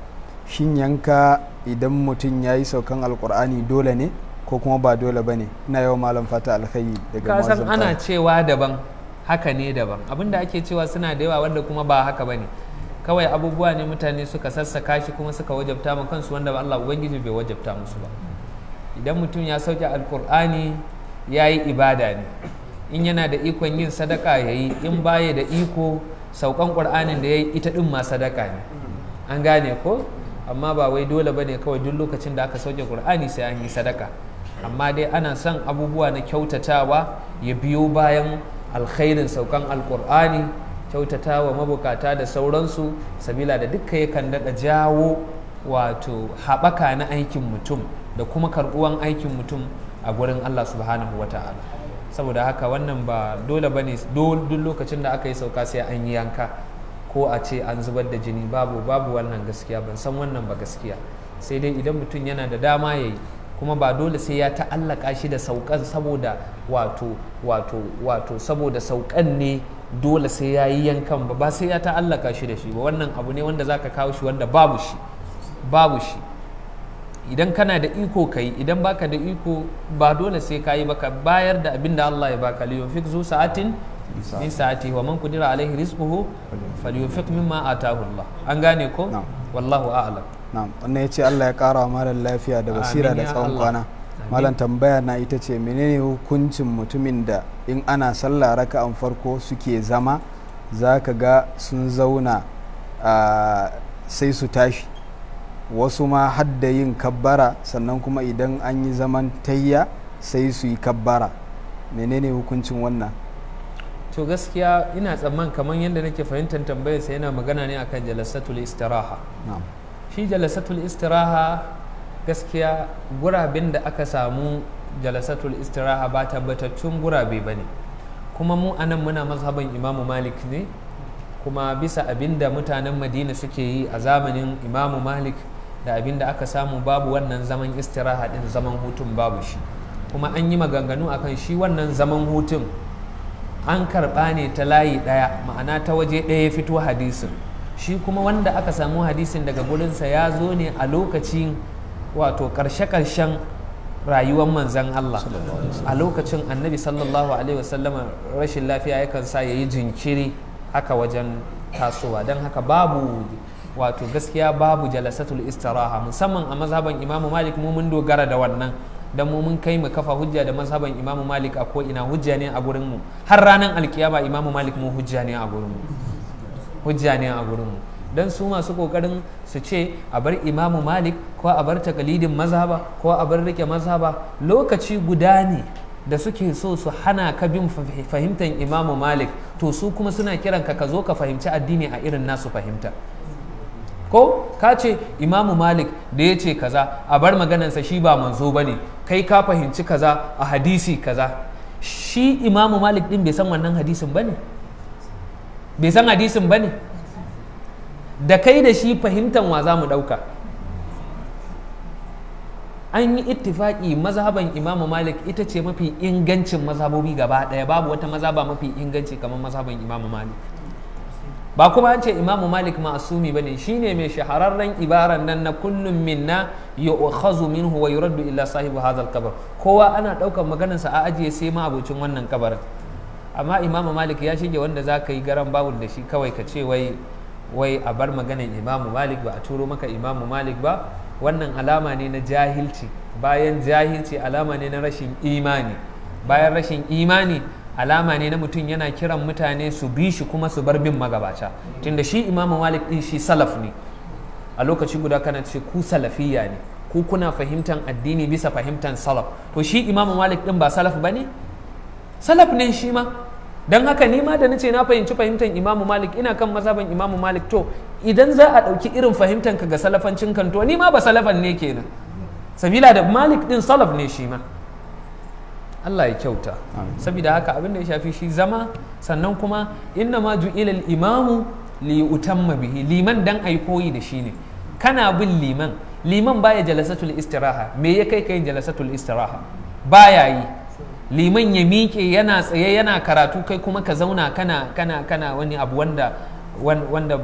shin yanka idan mutum ya yi saukan alkur'ani dole ne ko kuma ba dole ba ne ina yau malam fata alkhairi daga kasan ana cewa daban haka ne daban abinda ake cewa suna da yawa wanda kuma ba haka ba ne kawai abubuwa ne mutane suka sassaka shi kuma suka wajabta ma kansu wanda ba Allah ubangiji bai wajabta musu ba idan mutum ya sauke alkur'ani ya yi ibada ne in yana da ikon yin sadaka ya yi in baya da iko saukan ƙur'anin da ya yi ita ɗin ma sadaka ne an gane ko amma ba wai dole ba ne kawai duk lokacin da aka sauke ƙur'ani sai an yi sadaka amma dai ana son abubuwa na kyautatawa ya biyo bayan alkhairin saukan alkur'ani kyautata wa mabukata da sauransu sabila da duka yakan daɗa jawo wato haɓaka na aikin mutum da kuma karɓuwan aikin mutum a gurin allah subhanahu wa ta'ala saboda haka wannan ba dole ba ne duk lokacin da aka yi sauka sai an yi yanka ko a ce an zubar da jini babu babu wannan gaskiya ban san wannan ba gaskiya sai dai idan mutum yana da dama ya yi kuma ba dole sai ya ta'allaka shi da saukan saboda wato wato wato saboda saukan ne dole sai ya yi yankan ba ba sai ya ta'allaka shi da shi ba wannan abu ne wanda za ka kawo shi wanda babu shi babu shi idan kana da iko ka yi idan baka da iko ba dole sai ka yi baka bayar da abin da Allah ya baka liyo yunfiq zu sa'atin min sa'ati wa man kudira alaihi rizquhu falyunfiq mimma atahu Allah an gane ko wallahu a'lam na'am wannan yace Allah ya kara wa lafiya da basira da tsawon kwana malam tambaya na ita ce menene hukuncin mutumin da in ana sallah raka'an farko suke zama za ka ga sun zauna sai su tashi wasu ma hadda yin kabbara sannan kuma idan an yi zaman tayya sai su yi kabbara menene hukuncin wannan to gaskiya ina tsamman kamar yadda nake fahimtar tambayarsa yana magana ne akan jalasatul istiraha shi jalasatul istiraha gaskiya guraben da aka samu jalasatul istiraha ba tun gurabe ba ne kuma mu anan muna mazhaban imamu malik ne kuma bisa abinda mutanen madina suke yi a zamanin imamu malik da abinda aka samu babu wannan zaman istiraha din zaman hutun babu shi kuma an yi maganganu akan shi wannan zaman hutun an karɓa ne ta layi ɗaya ma'ana ta waje ɗaya fito hadisin shi kuma wanda aka samu hadisin daga gurinsa ya zo ne a lokacin wato karshe-karshen rayuwar manzan Allah a lokacin annabi sallallahu alaihi wasallama rashin lafiya yakan sa ya yi jinkiri haka wajen tasowa don haka babu wato gaskiya babu jalasatul istiraha musamman a mazhaban imamu malik mu mun dogara da wannan dan mu mun kai mu kafa hujja da mazhaban imamu malik a ko'ina hujja ne a gurin mu har ranar alkiyama imamu malik mu hujja ne a gurin mu hujja a gurin mu don su masu kokarin su ce a bar imamu malik ko a bar takalidin mazhaba ko a bar rike mazhaba lokaci guda ne da suke so su hana ka bin fahimtar imamu malik to su kuma suna kiran ka zo ka fahimci addini a irin nasu fahimta ko ka ce imamu malik da ya ce kaza a bar maganansa shi ba manzo ba ne kai ka fahimci kaza a hadisi kaza shi imamu malik din bai san wannan bai san hadisin ba ne da kai da shi fahimtar wa za mu ɗauka an yi ittifaƙi mazhaban imamu malik ita ce mafi ingancin mazhabobi gaba ɗaya babu wata mazhaba mafi inganci kamar mazhaban imamu malik ba kuma an ce imamu malik ma'asumi ba ne shi ne mai shahararren ibaran nan na kullum minna ya ukhazu minhu wa yuraddu illa sahibu hazal qabr kowa ana maganar sa a ajiye sai ma abocin wannan kabarin amma imamu malik ya shige wanda za yi garan babu da shi kawai ka ce wai wai a bar maganin imamu malik ba a turo maka imamu malik ba wannan alama ne na jahilci bayan jahilci alama ne na rashin imani bayan rashin imani alama ne na mutum yana kiran mutane su bi shi kuma su bar bin magabata tunda shi imamu malik din shi salaf ne a lokaci guda kana ce ku salafiya ne ku kuna fahimtan addini bisa fahimtan salaf to shi imamu malik din ba salaf ba ne salaf ne shi ma don haka ni ma da ce na fahimci fahimtar imamu malik ina kan mazhaban imamu malik to idan za a ɗauki irin fahimtar ka ga salafancin kan to ni ma ba salafan ne kenan sabila da malik din salaf ne shi ma Allah ya kyauta sabida haka abin da ya shafi shi zama sannan kuma inna ma ju'ilal imamu li utamma bihi liman dan ai koyi da shi ne kana bin liman liman baya jalasatul istiraha me ya kai kai jalasatul istiraha baya yi liman ya miƙe yana tsaye yana karatu kai kuma ka zauna kana kana kana wani abu wanda wanda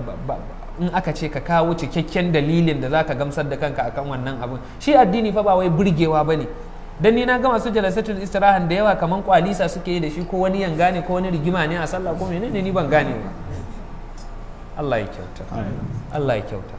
in aka ce ka kawo cikakken dalilin da za ka gamsar da kanka akan wannan abun shi addini fa ba wai burgewa bane dan ni na gama su jalasatul istirahan da yawa kaman kwalisa suke yi da shi ko wani yanga ne ko wani rigima ne a sallah ko menene ni ban gane ba Allah ya kyauta Allah ya kyauta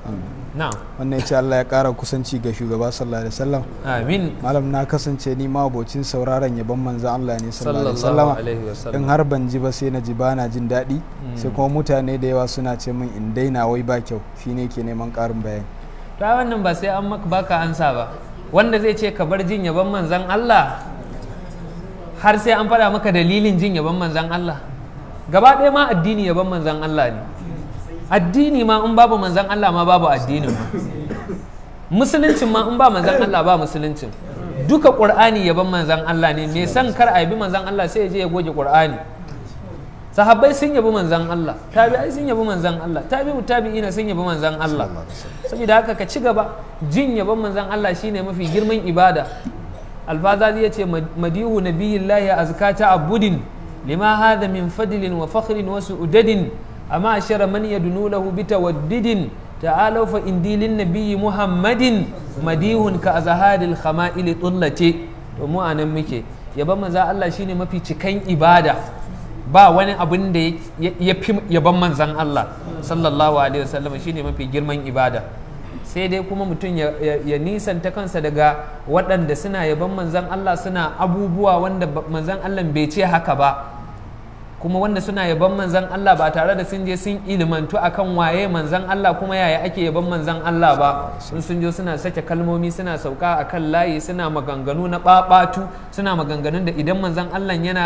na'am wannan ya ce Allah ya ƙara kusanci ga shugaba sallallahu alaihi wasallam amin malam na kasance ni ma abocin sauraron yabon manzo Allah ne sallallahu alaihi wasallam in har ban ji ba sai na ji bana jin daɗi hmm. sai kuma mutane da yawa suna ce min in daina wai ba kyau Shi ne ke neman ƙarin bayani to wannan ba sai an maka baka ansa ba wanda zai ce ka bar jin yabon manzon Allah har sai an faɗa maka dalilin jin yabon manzon Allah gaba ɗaya ma addini yabon manzon Allah ne addini ma in babu manzan Allah ma babu addinin ma musuluncin ma in ba manzan Allah ba musuluncin duka qur'ani yaban manzan Allah ne mai san kar a bi manzan Allah sai ya je ya goge qur'ani sahabbai sun yabi manzan Allah tabi'ai sun yabi manzan Allah tabi'u tabi'ina sun yabi manzan Allah saboda haka ka ci gaba jin yaban manzan Allah shine mafi girman ibada alfazazi ya ce madihu nabiyillahi azkata abudin lima hadha min fadlin wa fakhrin wa su'udadin amma ashara man yadunu lahu bi ta ta'alau fa indilin nabiyyi muhammadin madihun ka kama khama'il tullace to mu anan muke yaban manzan Allah ne mafi cikan ibada ba wani abin da ya fi yaban manzan Allah sallallahu alaihi wasallam ne mafi girman ibada sai dai kuma mutum ya nisanta kansa daga waɗanda suna yaban manzan Allah suna abubuwa wanda manzan Allah bai ce haka ba kuma wanda suna yaban manzan Allah ba tare da sun je sun ilimantu akan waye manzan Allah kuma yaya ake yaban manzan Allah ba sun sun je suna sake kalmomi suna sauka akan layi suna maganganu na babatu suna maganganun da idan manzan Allah yana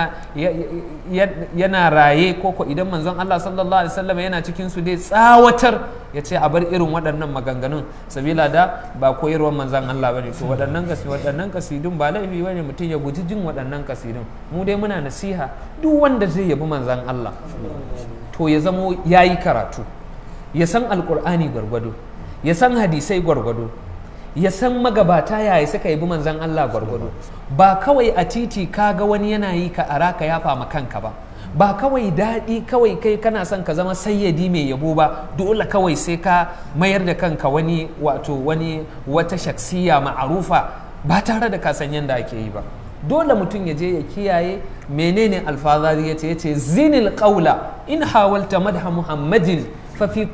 yana raye ko idan manzan Allah sallallahu alaihi wasallam yana cikin su dai tsawatar ya ce a bar irin waɗannan maganganun sabila da ba koyarwar manzan Allah bane to waɗannan kasi waɗannan kasidun ba laifi bane mutum ya guji jin waɗannan kasidun mu dai muna nasiha duk wanda zai yaba bi manzan Allah to ya zamo ya yi karatu ya san alkur'ani gwargwado ya san hadisai gwargwado ya san magabata yaya suka yi bi manzan Allah gwargwado ba kawai a titi ka ga wani yana yi ka ara ka yafa ma kanka ba ba kawai daɗi kawai kai kana son ka zama sayyadi mai yabo ba dole kawai sai ka mayar da kanka wani wato wani wata shaksiya ma'arufa ba tare da ka san yadda ake yi ba dole mutum ya je ya kiyaye menene alfazari ya ce zinil qawla in hawalta madha muhammadin fafi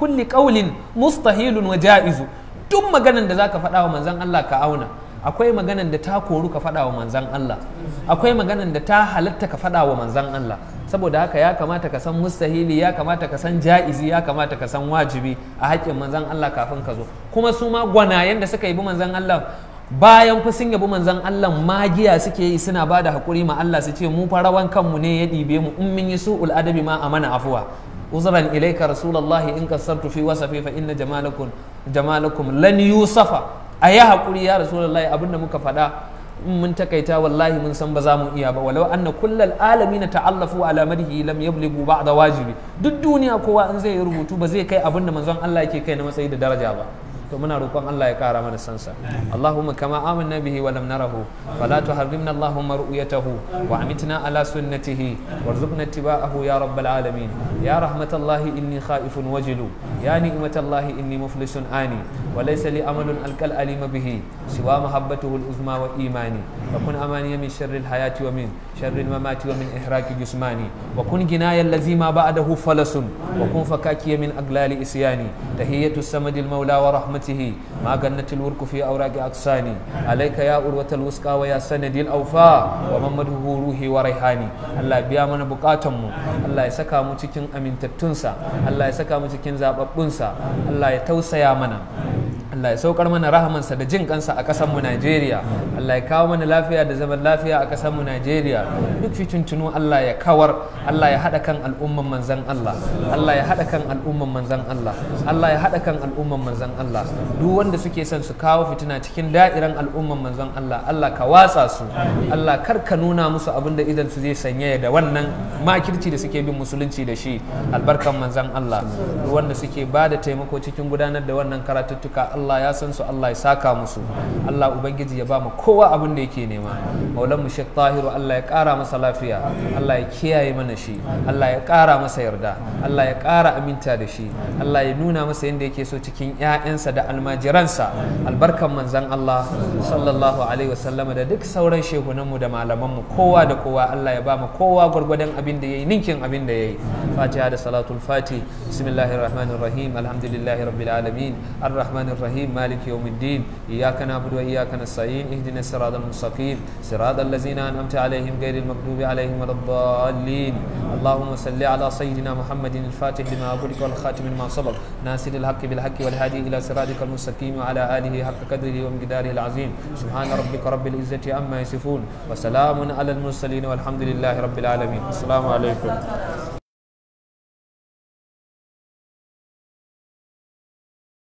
kulli kaulin mustahilun wa jaizu duk maganan da zaka faɗa wa manzan Allah ka auna akwai maganan da ta koru ka faɗa wa manzan Allah akwai maganan da ta halatta ka faɗa wa manzan Allah saboda haka ya kamata ka san mustahili ya kamata ka san ja'izi ya kamata ka san wajibi a haƙƙin manzan Allah kafin ka zo kuma su ma gwanayen da suka yi bi manzan Allah bayan fa sun yabi manzon Allah magiya suke yi suna ba da haƙuri ma Allah su ce mu farawan kanmu ne ya ɗibe mu in min yi su'ul adabi ma a mana afuwa uzran ilaika rasulullahi in kasartu fi wasafi fa inna jamalakum jamalakum lan yusafa a yi haƙuri ya rasulullahi abinda muka faɗa in mun takaita wallahi mun san ba za mu iya ba walau anna kullal alamin ta'allafu ala madhi lam yablighu ba'da wajibi duk duniya kowa in zai rubutu ba zai kai abinda manzon Allah yake kai na matsayi da daraja ba to muna roƙon Allah ya ƙara mana sansa Allahumma kama amanna bihi wa lam narahu fala tuharrimna Allahumma ru'yatahu wa amitna ala sunnatihi warzuqna ittiba'ahu ya rabbal alamin ya rahmatallahi inni khaifun wajilu ya ni'matallahi inni muflisun ani wa laysa li amalun alqal alima bihi siwa mahabbatuhu al-uzma wa imani wa kun amani min sharri al-hayati wa min sharri al-mamati wa min ihraqi jismani wa kun ginaya allazi ma ba'dahu falasun wa kun fakaki min aglali isyani tahiyatu samadil maula wa rahmatuhu برحمته ما جنت الورك في أوراق أقساني عليك يا أروة الوسقى ويا سند الأوفاء وممده روحي وريحاني الله بيا من بقاتم الله يسكى متكين أمين تتنسى الله يسكى متكين زاب أبنسى الله يتوسى يا منا Allah ya saukar mana rahaman sa da jin kansa a mu Najeriya Allah ya kawo mana lafiya da zaman lafiya a mu Najeriya duk fitintunu Allah ya kawar Allah ya haɗa kan al'umman manzan Allah Allah ya haɗa kan al'umman manzan Allah Allah ya haɗa kan al'umman manzan Allah duk wanda suke son su kawo fitina cikin da'iran al'umman manzan Allah Allah ka watsa su Allah kar ka nuna musu abin da idan su zai sanyaya da wannan makirci da suke bin musulunci da shi albarkan manzan Allah duk wanda suke ba da taimako cikin gudanar da wannan karatuttuka Allah ya san su Allah ya saka musu Allah ubangiji ya ba mu kowa abin da yake nema maulan mu Sheikh Tahiru Allah ya kara masa lafiya Allah ya kiyaye mana da shi Allah ya ƙara masa yarda Allah ya ƙara aminta da shi Allah ya nuna masa yadda yake so cikin 'ya'yansa da almajiransa albarkan manzan Allah sallallahu alaihi wasallama da duk sauran shehunanmu da malamanmu kowa da kowa Allah ya ba mu kowa gwargwadon abin da yayi ninkin abin da yayi fatiha da salatul fati bismillahir rahmanir rahim alhamdulillahi rabbil alamin arrahmanir rahim maliki yawmiddin iyyaka na'budu wa iyyaka nasta'in ihdinas siratal mustaqim siratal ladzina an'amta alaihim ghairil maghdubi alaihim waladdallin اللهم صل على سيدنا محمد الفاتح لما أغلق والخاتم لما صبر ناصر الحق بالحق والهادي إلى صراطك المستقيم وعلى آله حق قدره ومقداره العظيم سبحان ربك رب العزة عما يصفون وسلام على المرسلين والحمد لله رب العالمين السلام عليكم